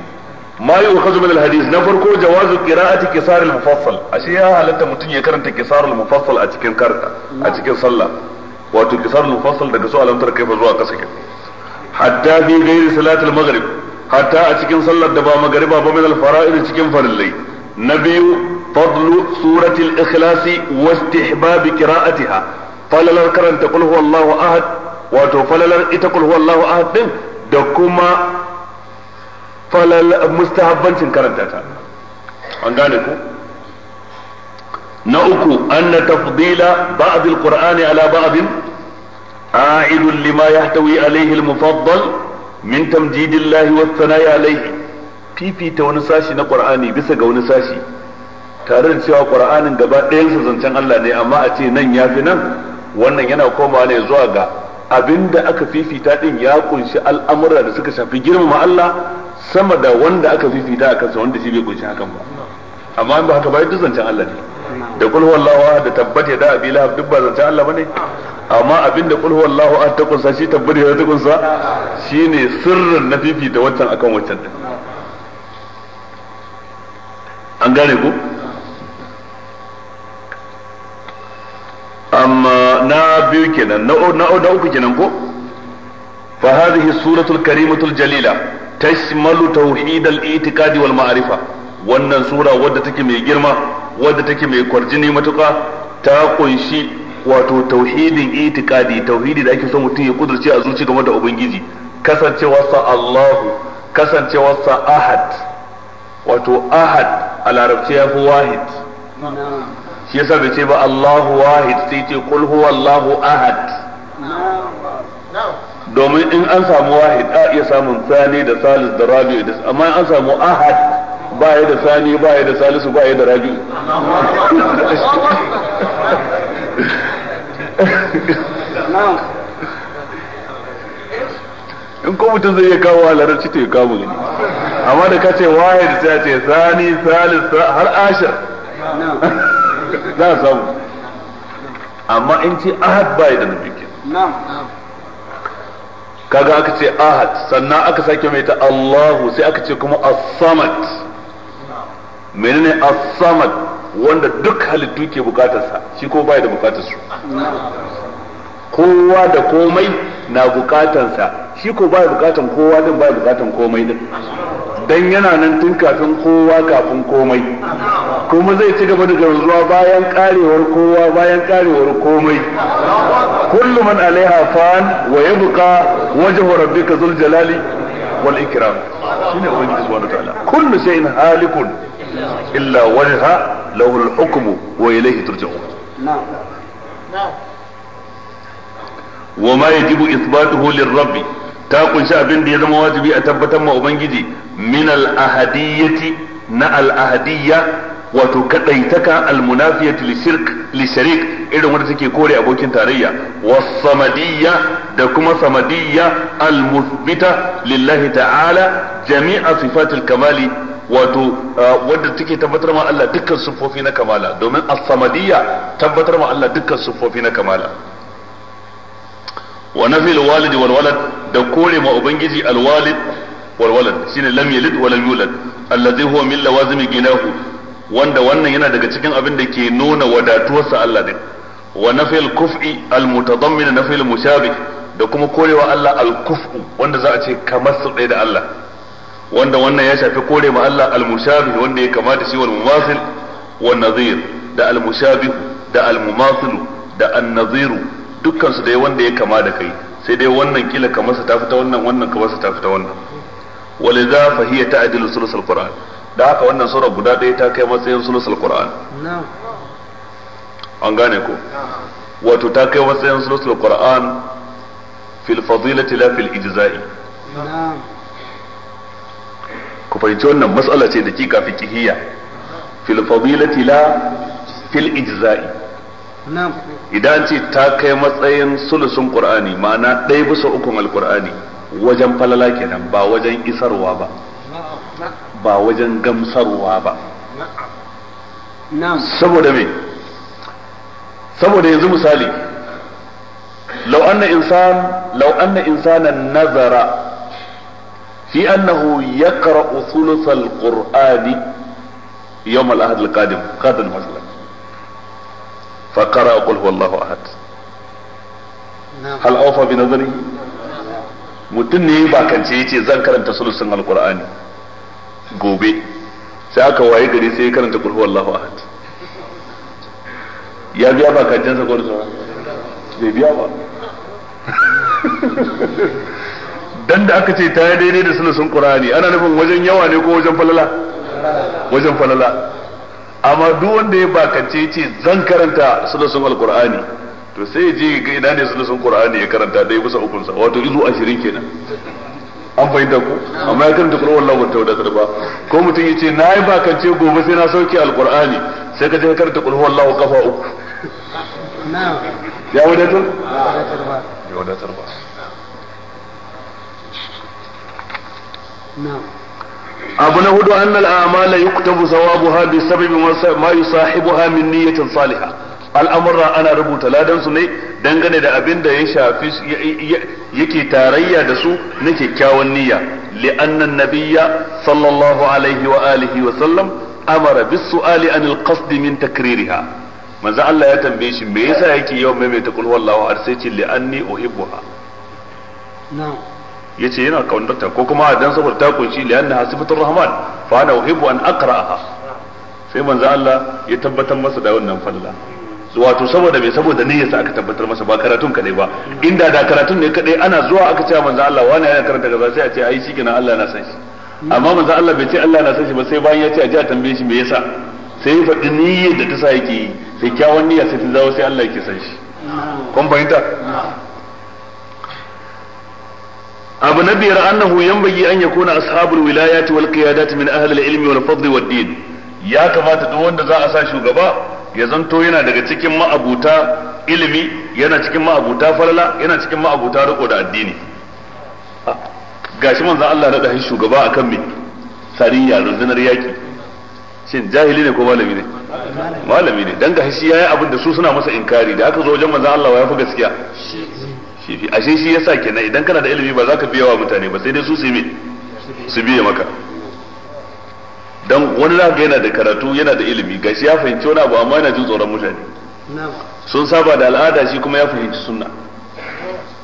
ma yi ukhadhu min alhadis na farko jawazu qira'ati kisar almufassal ashe ya halatta mutum ya karanta kisar almufassal a cikin karka a cikin sallah wato kisar almufassal daga su alamtar kaifa zuwa kasa ke hatta fi ghairi salat almaghrib hatta a cikin sallar da ba Magariba ba min alfara'id cikin farillai na biyu fadlu suratul ikhlasi wastihbab qira'atiha falalar karanta qul huwallahu ahad wato falalar ita qul huwallahu ahad din da kuma falal mustahabbancin karanta ta an gane ku na uku anna tafdila ba'd ala ba'd عائد لما يحتوي عليه المفضل من تمجيد الله والثناء عليه fifita wani sashi na qur'ani bisa ga wani sashi tare da cewa qur'anin gaba ɗayansa zancen Allah ne amma a ce nan ya fi nan wannan yana komawa ne zuwa ga abinda aka fifita din ya kunshi al'amura da suka shafi girmama Allah sama da wanda aka fifita a kansa wanda shi bai kunshi hakan ba amma in ba haka ba duk zancen Allah ne da kul huwallahu da tabbata da abi lahab duk ba zancen Allah bane amma abinda kul huwallahu ahad ta kunsa shi tabbata ta kunsa shine sirrin na fifita wancan akan wancan din an gane ku amma na biyu kenan na uku kenan ko fa hadhihi suratul karimatul jalila tashmalu tauhidal itikadi wal ma'rifa wannan sura wadda take mai girma wadda take mai kwarjini matuka ta kunshi wato tauhidin itikadi tauhidi da ake so mutum ya kudurce a zuci game da ubangiji kasancewarsa Allahu kasancewarsa ahad wato ahad a larabci ya fi wahid shi yasa bai ce ba Allahu wahid sai ce kul huwa Allahu ahad domin in an samu wahid a iya samun sani da salis da rabi da amma an samu ahad ba ya da sani ba ya da salisu ba ya da Rabi [laughs] in ko mutum zai iya kawo halarci ta ya kawo gani amma da kace wahid ta ce zani salis har ashir za a samu amma in ce ahad bai da nufi kaga aka ce ahad sannan aka sake mai ta Allahu sai aka ce kuma as-samad menene as-samad wanda duk halittu ke bukatarsa shi ko bai da bukatar su kowa da komai na bukatansa shi ko bai bukatan kowa din bai bukatan komai din dan yana nan tun kafin kowa kafin komai kuma zai ci gaba da garzuwa bayan karewar kowa bayan karewar komai kullu man alaiha fan wa yabqa wajhu rabbika zul jalali wal ikram shine ubangiji subhanahu wa ta'ala kullu shay'in halikun illa wajha lahu al hukmu wa ilayhi turja'un na'am na'am وما يجب إثباته للرب ta kunshi abin da ya zama wajibi a tabbatar ma ubangiji min al ahadiyyati na al ahadiyya wato kadaitaka al munafiyati li shirk li sharik irin wanda take kore abokin tarayya was samadiyya da kuma samadiyya al muthbita lillahi ta'ala jami'a sifatil kamali wato ah, wadda take tabbatar ma Allah dukkan sufofi na kamala domin as-samadiyya tabbatar ma Allah dukkan sufofi na kamala wa nafi alwalid wal walad da kore ma ubangiji alwalid wal walad shine lam yalid wa lam yulad allazi huwa min lawazimi ginahu wanda wannan yana daga cikin abin da ke nuna wadatuwarsa Allah din wa nafi kufi al-mutadammin nafi mushabi da kuma korewa Allah al-kuf'u wanda za a ce kamar su da Allah wanda wannan ya shafi kore ma Allah al wanda ya kamata shi wal mumasil wa nazir da al da al-mumasil da an-naziru dukkan su dai wanda ya kama da kai sai dai wannan kila kamar sa ta fita wannan wannan kamar sa ta fita wannan waliza fa hiya ta'dilu sulusul qur'an da haka wannan sura guda ɗaya ta kai matsayin sulusul qur'an an gane ko wato ta kai matsayin sulusul qur'an fil fadilati la fil ijza'i ku fahimci wannan mas'ala ce da kika fiqhiyya fil fadilati la fil ijza'i idan ce ta kai matsayin sulusun qur'ani ma'ana ɗaya bisa ukun alqur'ani wajen falala kenan ba wajen isarwa ba ba wajen gamsarwa ba saboda me saboda yanzu misali لو أن إنسان لو أن إنسانا نذر في أنه يقرأ ثلث القرآن يوم الأحد القادم غدا مثلا فقرأ قل هو الله أحد هل أوفى بنظره mutum ne ba kance yace zan karanta sulusun alqur'ani gobe sai aka waye gari sai ya karanta qul huwallahu ahad ya biya ba kan sa gori bai biya ba dan da aka ce ta yi daidai da sulusun qur'ani ana nufin wajen yawa ne ko wajen falala wajen falala amma duk wanda ya bakance ce zan karanta sulusun alqur'ani to sai ya je ga idan ne sulusun qur'ani ya karanta dai bisa ukun sa wato izu 20 kenan an fahimta ku amma ya karanta qur'an Allah wata wadatar ba ko mutum yace na yi bakance gobe sai na sauke alqur'ani sai ka je ka karanta qur'an Allah kafa uku ya wadatar ya ba na'am abu na hudu annal a'mala yuktabu sawabuha bi sababi ma yusahibuha min niyyatin salihah al'amurra ana rubuta ladan su ne dangane da abin da ya shafi yake tarayya da su na kyakkyawan niyya li'annan nabiyya sallallahu alaihi wa alihi wa sallam amara bis su'ali anil qasd min takririha manzo Allah ya tambaye shi me yasa yake yawan maimaita kul wallahu har sai ce li'anni uhibbuha na'am yace yana kaunarta ko kuma dan saboda ta kunshi li annaha sifatur rahman fa ana uhibbu an aqra'aha sai manzo Allah ya tabbatar masa da wannan falla wato saboda me saboda niyyarsa aka tabbatar masa ba karatun kadai ba inda da karatun ne kadai ana zuwa aka ce manzo Allah wani yana karanta kaza sai a ce ai shikenan Allah na san shi amma manzo Allah bai ce Allah na san shi ba sai bayan ya ce a ji a tambaye shi me yasa sai ya faɗi niyyar da ta sa yake yi sai kyawun niyya sai ta zawo sai Allah yake san shi kun fahimta abu na biyar annahu yanbaghi an yakuna ashabul wilayati wal qiyadati min ahli al ilmi wal fadli wad din ya kamata duk wanda za a sa shugaba ya zanto yana daga cikin ma'abuta ilimi yana cikin ma'abuta falala yana cikin ma'abuta riko da addini ah, gashi manzo Allah da shi shugaba akan me sariya rundunar yaki shin jahili ne ko malami ne malami ne dan gashi yayi abin da su suna masa inkari da aka zo wajen manzo Allah wa ya fi gaskiya kifi ashe shi yasa kenan idan kana da ilimi ba za ka biya wa mutane ba sai dai su su yi su biya maka dan wani zaka yana da karatu yana da ilimi ga shi ya fahimci wani abu amma yana jin tsoron mutane sun saba da al'ada shi kuma ya fahimci sunna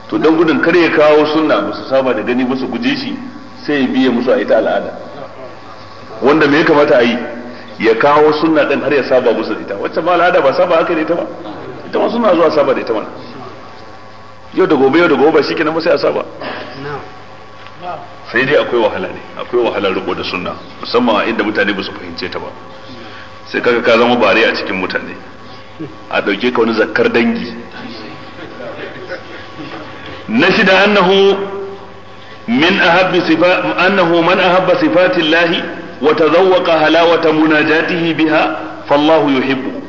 to dan gudun kar ya kawo sunna ba su saba da gani ba su guje shi sai ya biye musu a ita al'ada wanda me ya kamata a yi ya kawo sunna din har ya saba musu da ita wacce ma al'ada ba saba aka da ita ba ita ma suna zuwa saba da ita mana yau da gobe yau da gobe ba shikenan ba sai a saba sai dai akwai wahala ne akwai wahala riko da sunna musamman a inda mutane ba su fahimce ta ba sai kaga ka zama bare a cikin mutane a dauke ka wani zakkar dangi na shida annahu min ahabbi sifa annahu man ahabba sifati llahi wa tazawwaqa halawata munajatihi biha fallahu yuhibbu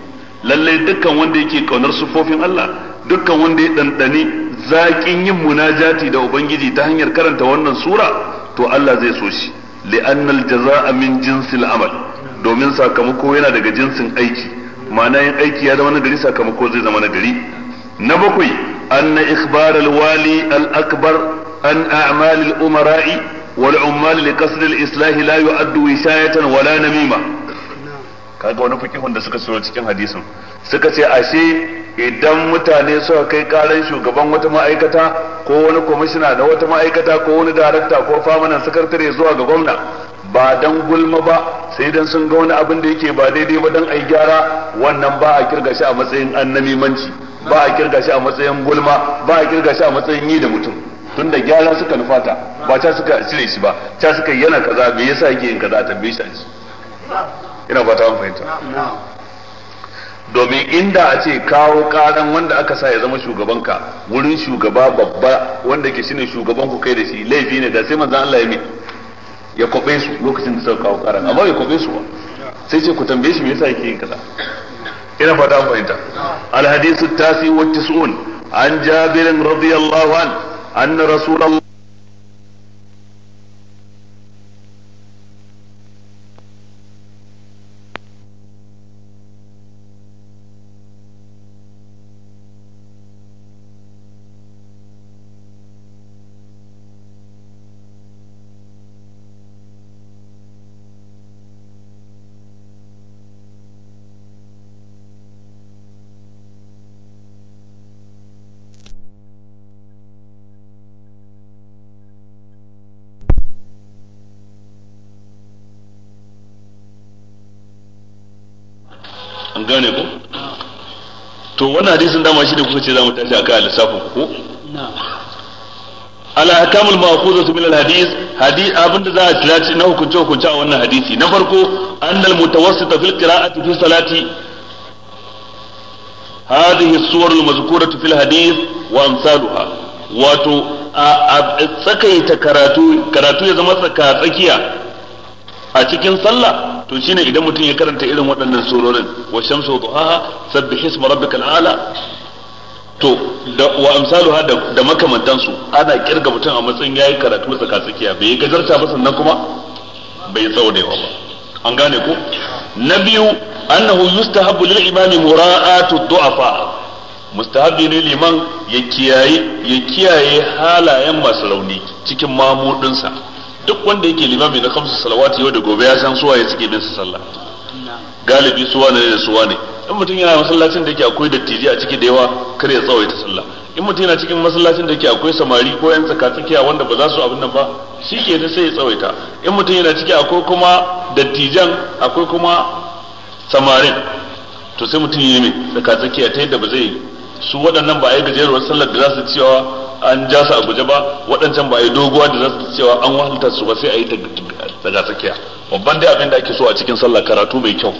lalle dukkan wanda yake kaunar sufofin Allah dukkan wanda ya ɗanɗani zaƙin yin munajati da ubangiji ta hanyar karanta wannan sura to Allah zai so shi li'annal jaza'a min jinsil amal domin sakamako yana daga jinsin aiki ma'ana yin aiki ya zama nagari sakamako zai zama nagari na bakwai anna ikhbar al-wali al-akbar an Amalil umarai wal ummal li qasd al Islahi la yu'addu wishayatan wala namima kaga wani fikihun da suka suro cikin hadisin suka ce ashe idan mutane suka kai karan shugaban wata ma'aikata ko wani kwamishina na wata ma'aikata ko wani darakta ko famanan sakatare zuwa ga gwamna ba dan gulma ba sai dan sun ga wani abin da yake ba daidai ba dan ai gyara wannan ba a kirga shi a matsayin manci ba a kirga shi a matsayin gulma ba a kirga shi a matsayin yi da mutum tunda gyara suka nufata ba ta suka cire shi ba ta suka yana kaza me yasa yake yin kaza tambaye shi ina ba ta fahimta domin inda a ce kawo karan wanda aka sa ya zama shugabanka wurin shugaba babba wanda ke shine shugaban ku kai da shi laifi ne da sai manzan Allah ya mi ya kwabe su lokacin da suka kawo karan amma ya kwabe su ba sai ce ku tambaye shi me yasa yake yin kaza ina fata an fahimta al hadithu tasi wa tis'un an jabirin radiyallahu an anna rasulullah gane ko to wannan hadisin dama shi ne kuka ce za mu tashi akai lissafin ku ko ala hakamul ma'khuzatu min al-hadith abinda za a tilaci na hukunce hukunce a wannan hadisi na farko annal mutawassita fil qira'ati fi salati hadhihi as-suwar al-mazkuratu fil hadith wa amsaluha wato a tsakaita karatu karatu ya zama tsaka tsakiya a cikin sallah to shine idan mutum ya karanta irin waɗannan surorin wa shamsu wa duhaha sabbih rabbikal ala to da wa amsalu hada da makamantan su ana kirga mutum a matsayin yayi karatu tsaka tsakiya bai gajarta ba sannan kuma bai tsaudewa ba an gane ko na biyu annahu yustahabbu lil imami mura'atu du'afa mustahabi ne liman ya kiyaye ya kiyaye halayen masu rauni cikin sa duk wanda yake limami na kamsu salawati yau da gobe ya san suwaye suke bin su sallah galibi suwa ne da suwa ne in mutum yana masallacin da yake akwai dattijai a ciki da yawa kar ya tsawaita sallah in mutum yana cikin masallacin da yake akwai samari ko yan tsakatsakiya wanda ba za su abin nan ba shi ke ta sai ya tsawaita in mutum yana ciki akwai kuma dattijan akwai kuma samarin to sai mutum yi ne tsakatsakiya ta yadda ba zai su waɗannan ba a yi gajeruwar sallar da za su cewa an ja su a guje ba waɗancan ba a yi doguwa da za su cewa an wahalta su ba sai a yi daga tsakiya babban dai abin da ake so a cikin sallah karatu mai kyau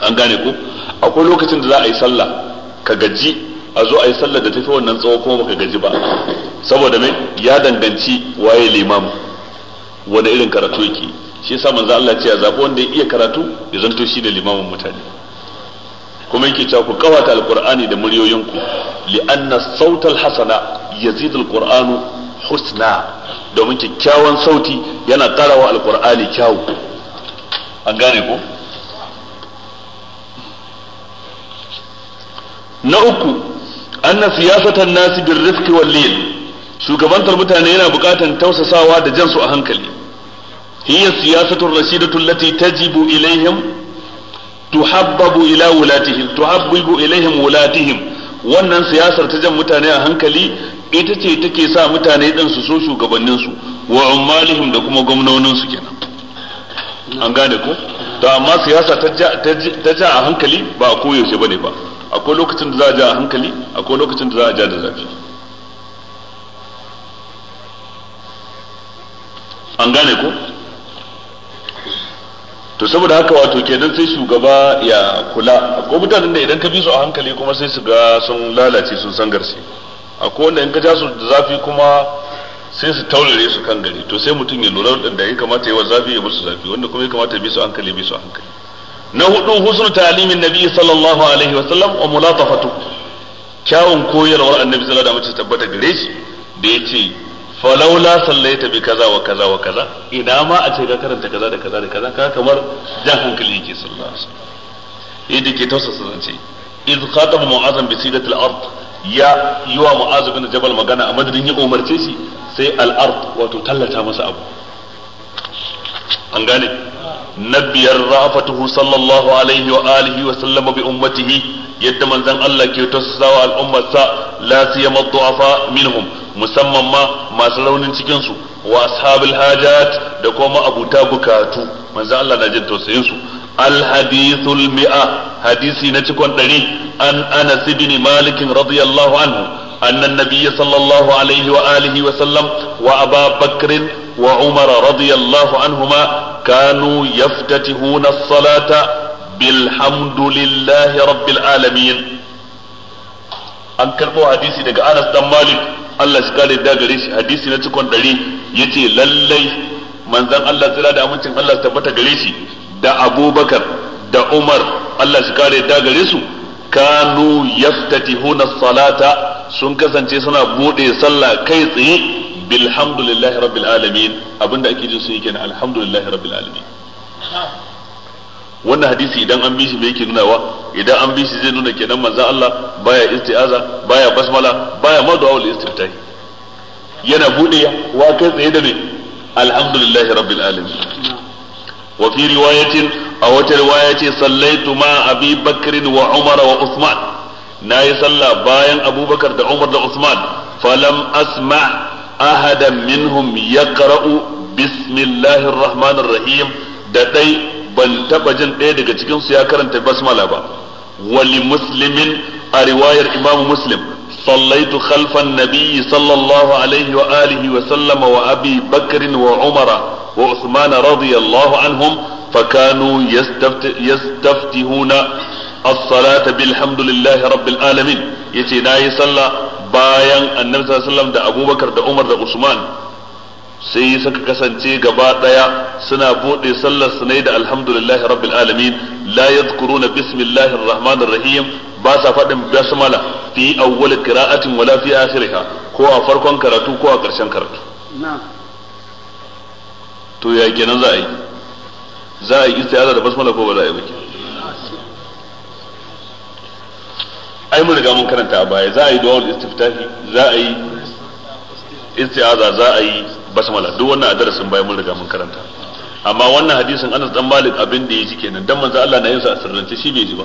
an gane ku akwai lokacin da za a yi sallah ka gaji a zo a yi sallar da tafi wannan tsawo kuma baka gaji ba saboda mai ya danganci waye limam wani irin karatu yake shi sa manzo Allah ya ce ya zabi wanda ya iya karatu ya zanto shi da limamin mutane kuma yake cewa ku kawata alqur'ani da muryoyinku li anna sautal Hassana yazidu alqur'anu husna domin kyakkyawan sauti yana karawa alqur'ani kyawu an gane ko na uku anna siyasatan nasi bir rifqi wal lil shugabantar mutane yana bukatan tausasawa da jansu a hankali hiya siyasatu rashidatu allati tajibu ilaihim tuhabbabu ila wulatihim tuhabbibu ilaihim wulatihim wannan siyasar ta jan mutane a hankali ita ce take sa mutane dan su so shugabannin su wa ummalihim da kuma gwamnonin su kenan an gane ko to amma siyasa ta ja a hankali ba a koyaushe bane ba akwai lokacin da za a ja a hankali akwai lokacin da za a ja da zafi an gane ko to saboda haka wato kenan sai shugaba ya kula akwai mutanen da idan ka bi su a hankali kuma sai su ga sun lalace sun A akwai wanda in ka ja su da zafi kuma sai su taurare su kan gari to sai mutum ya lura da ya kamata yi wa zafi ya musu zafi wanda kuma ya kamata bi su hankali bi su hankali na hudu husnu ta'limin nabi sallallahu alaihi wasallam wa mulatafatu kyawun koyarwar annabi sallallahu alaihi wasallam tabbata gare shi da yace falaula sallaita bi kaza wa kaza wa kaza ina ma a ce ka karanta kaza da kaza da kaza ka kamar jan hankali yake sallallahu alaihi wasallam yadda ke tausasa zance iz khataba mu'azan bi sidat al-ard ya yiwa mu'az bin jabal magana a madadin ya umarce shi sai al-ard wato tallata masa abu an gane nabiyar rafatuhu sallallahu alaihi wa alihi wa sallama bi ummatihi yadda manzon Allah ke wa tausasawa al'ummarsa la siyama du'afa minhum musamman ma masu raunin cikinsu wa ashabul hajat da kuma abuta bukatu manzo Allah na jin tausayin su al hadithul mi'a hadisi na cikon ɗari an Anas ibn Malik radiyallahu anhu أن النبي صلى الله عليه وآله وسلم وأبا بكر وعمر رضي الله عنهما كانوا يفتتحون الصلاة بالحمد لله رب العالمين an karɓo hadisi daga Anas dan Malik Allah shi kare da gare shi hadisi na cikon ɗari yace lallai manzon Allah tsira da amincin Allah tabbata gare shi da Abubakar da Umar Allah shi kare da gare su kanu yaftatihuna salata sun kasance suna bude sallah kai tsaye bilhamdulillahi rabbil alamin abinda ake jin su yake alhamdulillahi rabbil alamin wannan hadisi idan an bi shi me yake nunawa idan an bi shi zai nuna kenan manzon Allah baya isti'aza baya basmala baya ma du'a istiftahi yana bude wa kai tsaye da me alhamdulillahi rabbil alamin wa fi riwayatin a wata riwaya ce sallaitu ma abi bakr wa umar wa usman nayi sallah bayan abubakar da umar da usman falam asma ahadan minhum yaqra'u bismillahir rahmanir rahim da dai ban taba jin ɗaya daga cikin su ya karanta basmala ba wali muslimin a riwayar imam muslim sallaitu khalfan nabiyyi sallallahu alaihi wa alihi wa sallama wa abi bakrin wa umara wa usman radiyallahu anhum fakanu yastaftihuna as-salata bilhamdulillahi rabbil alamin yace nayi sallah bayan annabi sallallahu alaihi wasallam da abubakar da umar da usman sai suka kasance gaba daya suna bude sallar su ne da alhamdulillah rabbil alamin la yadhkuruna bismillahir rahmanir rahim ba sa fadin basmala fi awwal qira'atin wala fi akhiriha ko a farkon karatu ko a karshen karatu to ya kenan za a yi za a yi istiaza da basmala ko ba za a yi ba ai mun riga mun karanta a baya za a yi du'a istiftahi za a yi istiaza za a yi basmala duk wannan a darasin bayan mun riga mun karanta amma wannan hadisin Anas dan Malik abin da yaji kenan dan manzo Allah na yin sa a sirrance shi bai ji ba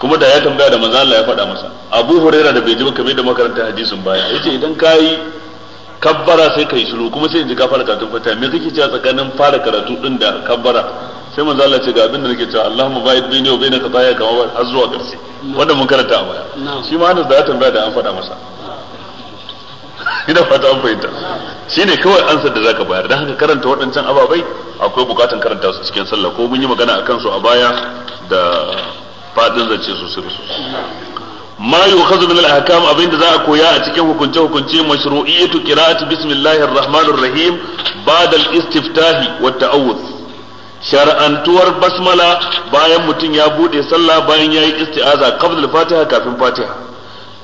kuma da ya tambaya da manzo Allah ya faɗa masa Abu Hurairah da bai ji ba kamar da makaranta hadisin baya yace idan kai kabbara sai kai shiru kuma sai in ji ka fara karatun fata me kake cewa tsakanin fara karatu din da kabbara sai manzo Allah ce ga abin da nake cewa Allahumma ba'id baini wa bainaka baya kamar har zuwa ƙarshe wanda mun karanta a baya shi ma Anas da ya tambaya da an faɗa masa [laughs] ina fata an fahimta Shi ne kawai ansar da za ka bayar dan haka karanta waɗancan ababai akwai bukatan karanta su cikin sallah ko mun yi magana a kansu a baya da fadin zance su sirri su ma min al-ahkam abinda za a koya a cikin hukunce hukunce mashru'iyyatu qira'ati bismillahir rahmanir rahim ba'da al-istiftahi wa ta'awudh shar'antuwar basmala bayan mutum ya bude sallah bayan yayi isti'aza qabl al-fatiha kafin fatiha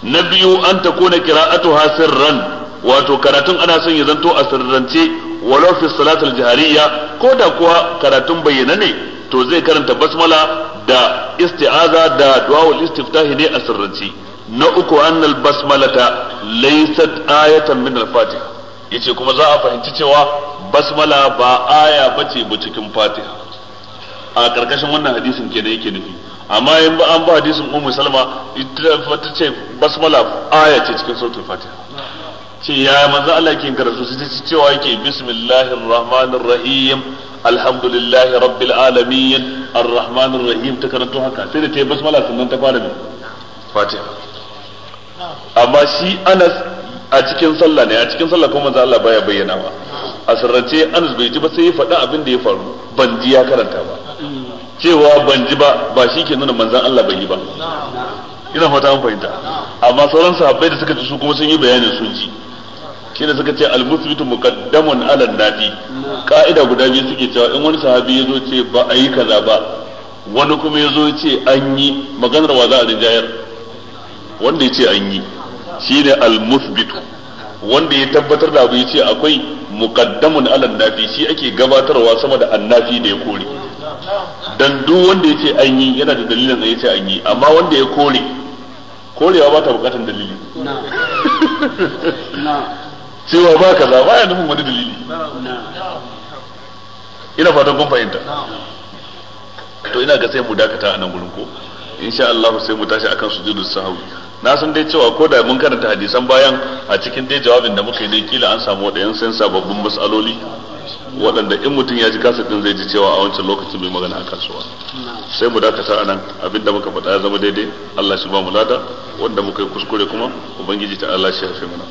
na biyu an ta kona qira'atuha sirran wato karatun ana son ya zanto a sirrance walau fi salatul jahariya ko da kuwa karatun bayyana ne to zai karanta basmala da isti'aza da du'aul istiftahi ne a sirrance na uku annal basmalata laysat ayatan min al-fatiha yace kuma za a fahimci cewa basmala ba aya bace ba cikin fatiha a karkashin wannan hadisin kenan yake nufi amma in ba an ba hadisin ummu salma ita ce basmala aya ce cikin suratul fatiha ce ya manzo Allah yake karatu su ce cewa yake bismillahir rahmanir rahim alhamdulillahi rabbil alamin arrahmanir rahim ta karanto haka sai da ta yi basmala sannan ta fara fatiha amma shi Anas a cikin sallah ne a cikin sallah kuma manzo Allah baya ba a sirrance Anas bai ji ba sai ya faɗi abin da ya faru ban ji ya karanta ba cewa ban ji ba ba shi ke nuna manzan Allah bai yi ba ina fata an fahimta amma sauran sahabbai da suka ci su kuma sun yi bayanin sun ji da suka ce al-musbitu muqaddamun ala nafi ka'ida guda biyu suke cewa in wani sahabi ya zo ce ba a yi kaza ba wani kuma ya zo ce an yi maganar wa za a rinjayar wanda ya ce an yi ne al-musbitu wanda ya tabbatar da abu ya ce akwai muqaddamun ala nafi shi ake gabatarwa sama da annafi da ya kore dan duk wanda ya ce an yi yana da dalilin da ya ce an yi amma wanda ya kore korewa ba ta bukatar dalili cewa ba kaza ba ya nufin wani dalili ina fatan kun fahimta to ina ga sai mu dakata a nan gurin ko insha Allah sai mu tashi akan sujudu sahwi na san dai cewa ko da mun karanta hadisan bayan a cikin dai jawabin da muka yi dai kila an samu wadannan sababbin mas'aloli waɗanda in mutum ya ji kasa ɗin zai ji cewa a wancan lokacin bai magana a kasuwa sai mu dakata a nan abinda muka faɗa ya zama daidai Allah shi ba mu lada wanda muka yi kuskure kuma ubangiji ta Allah shi ya fi mana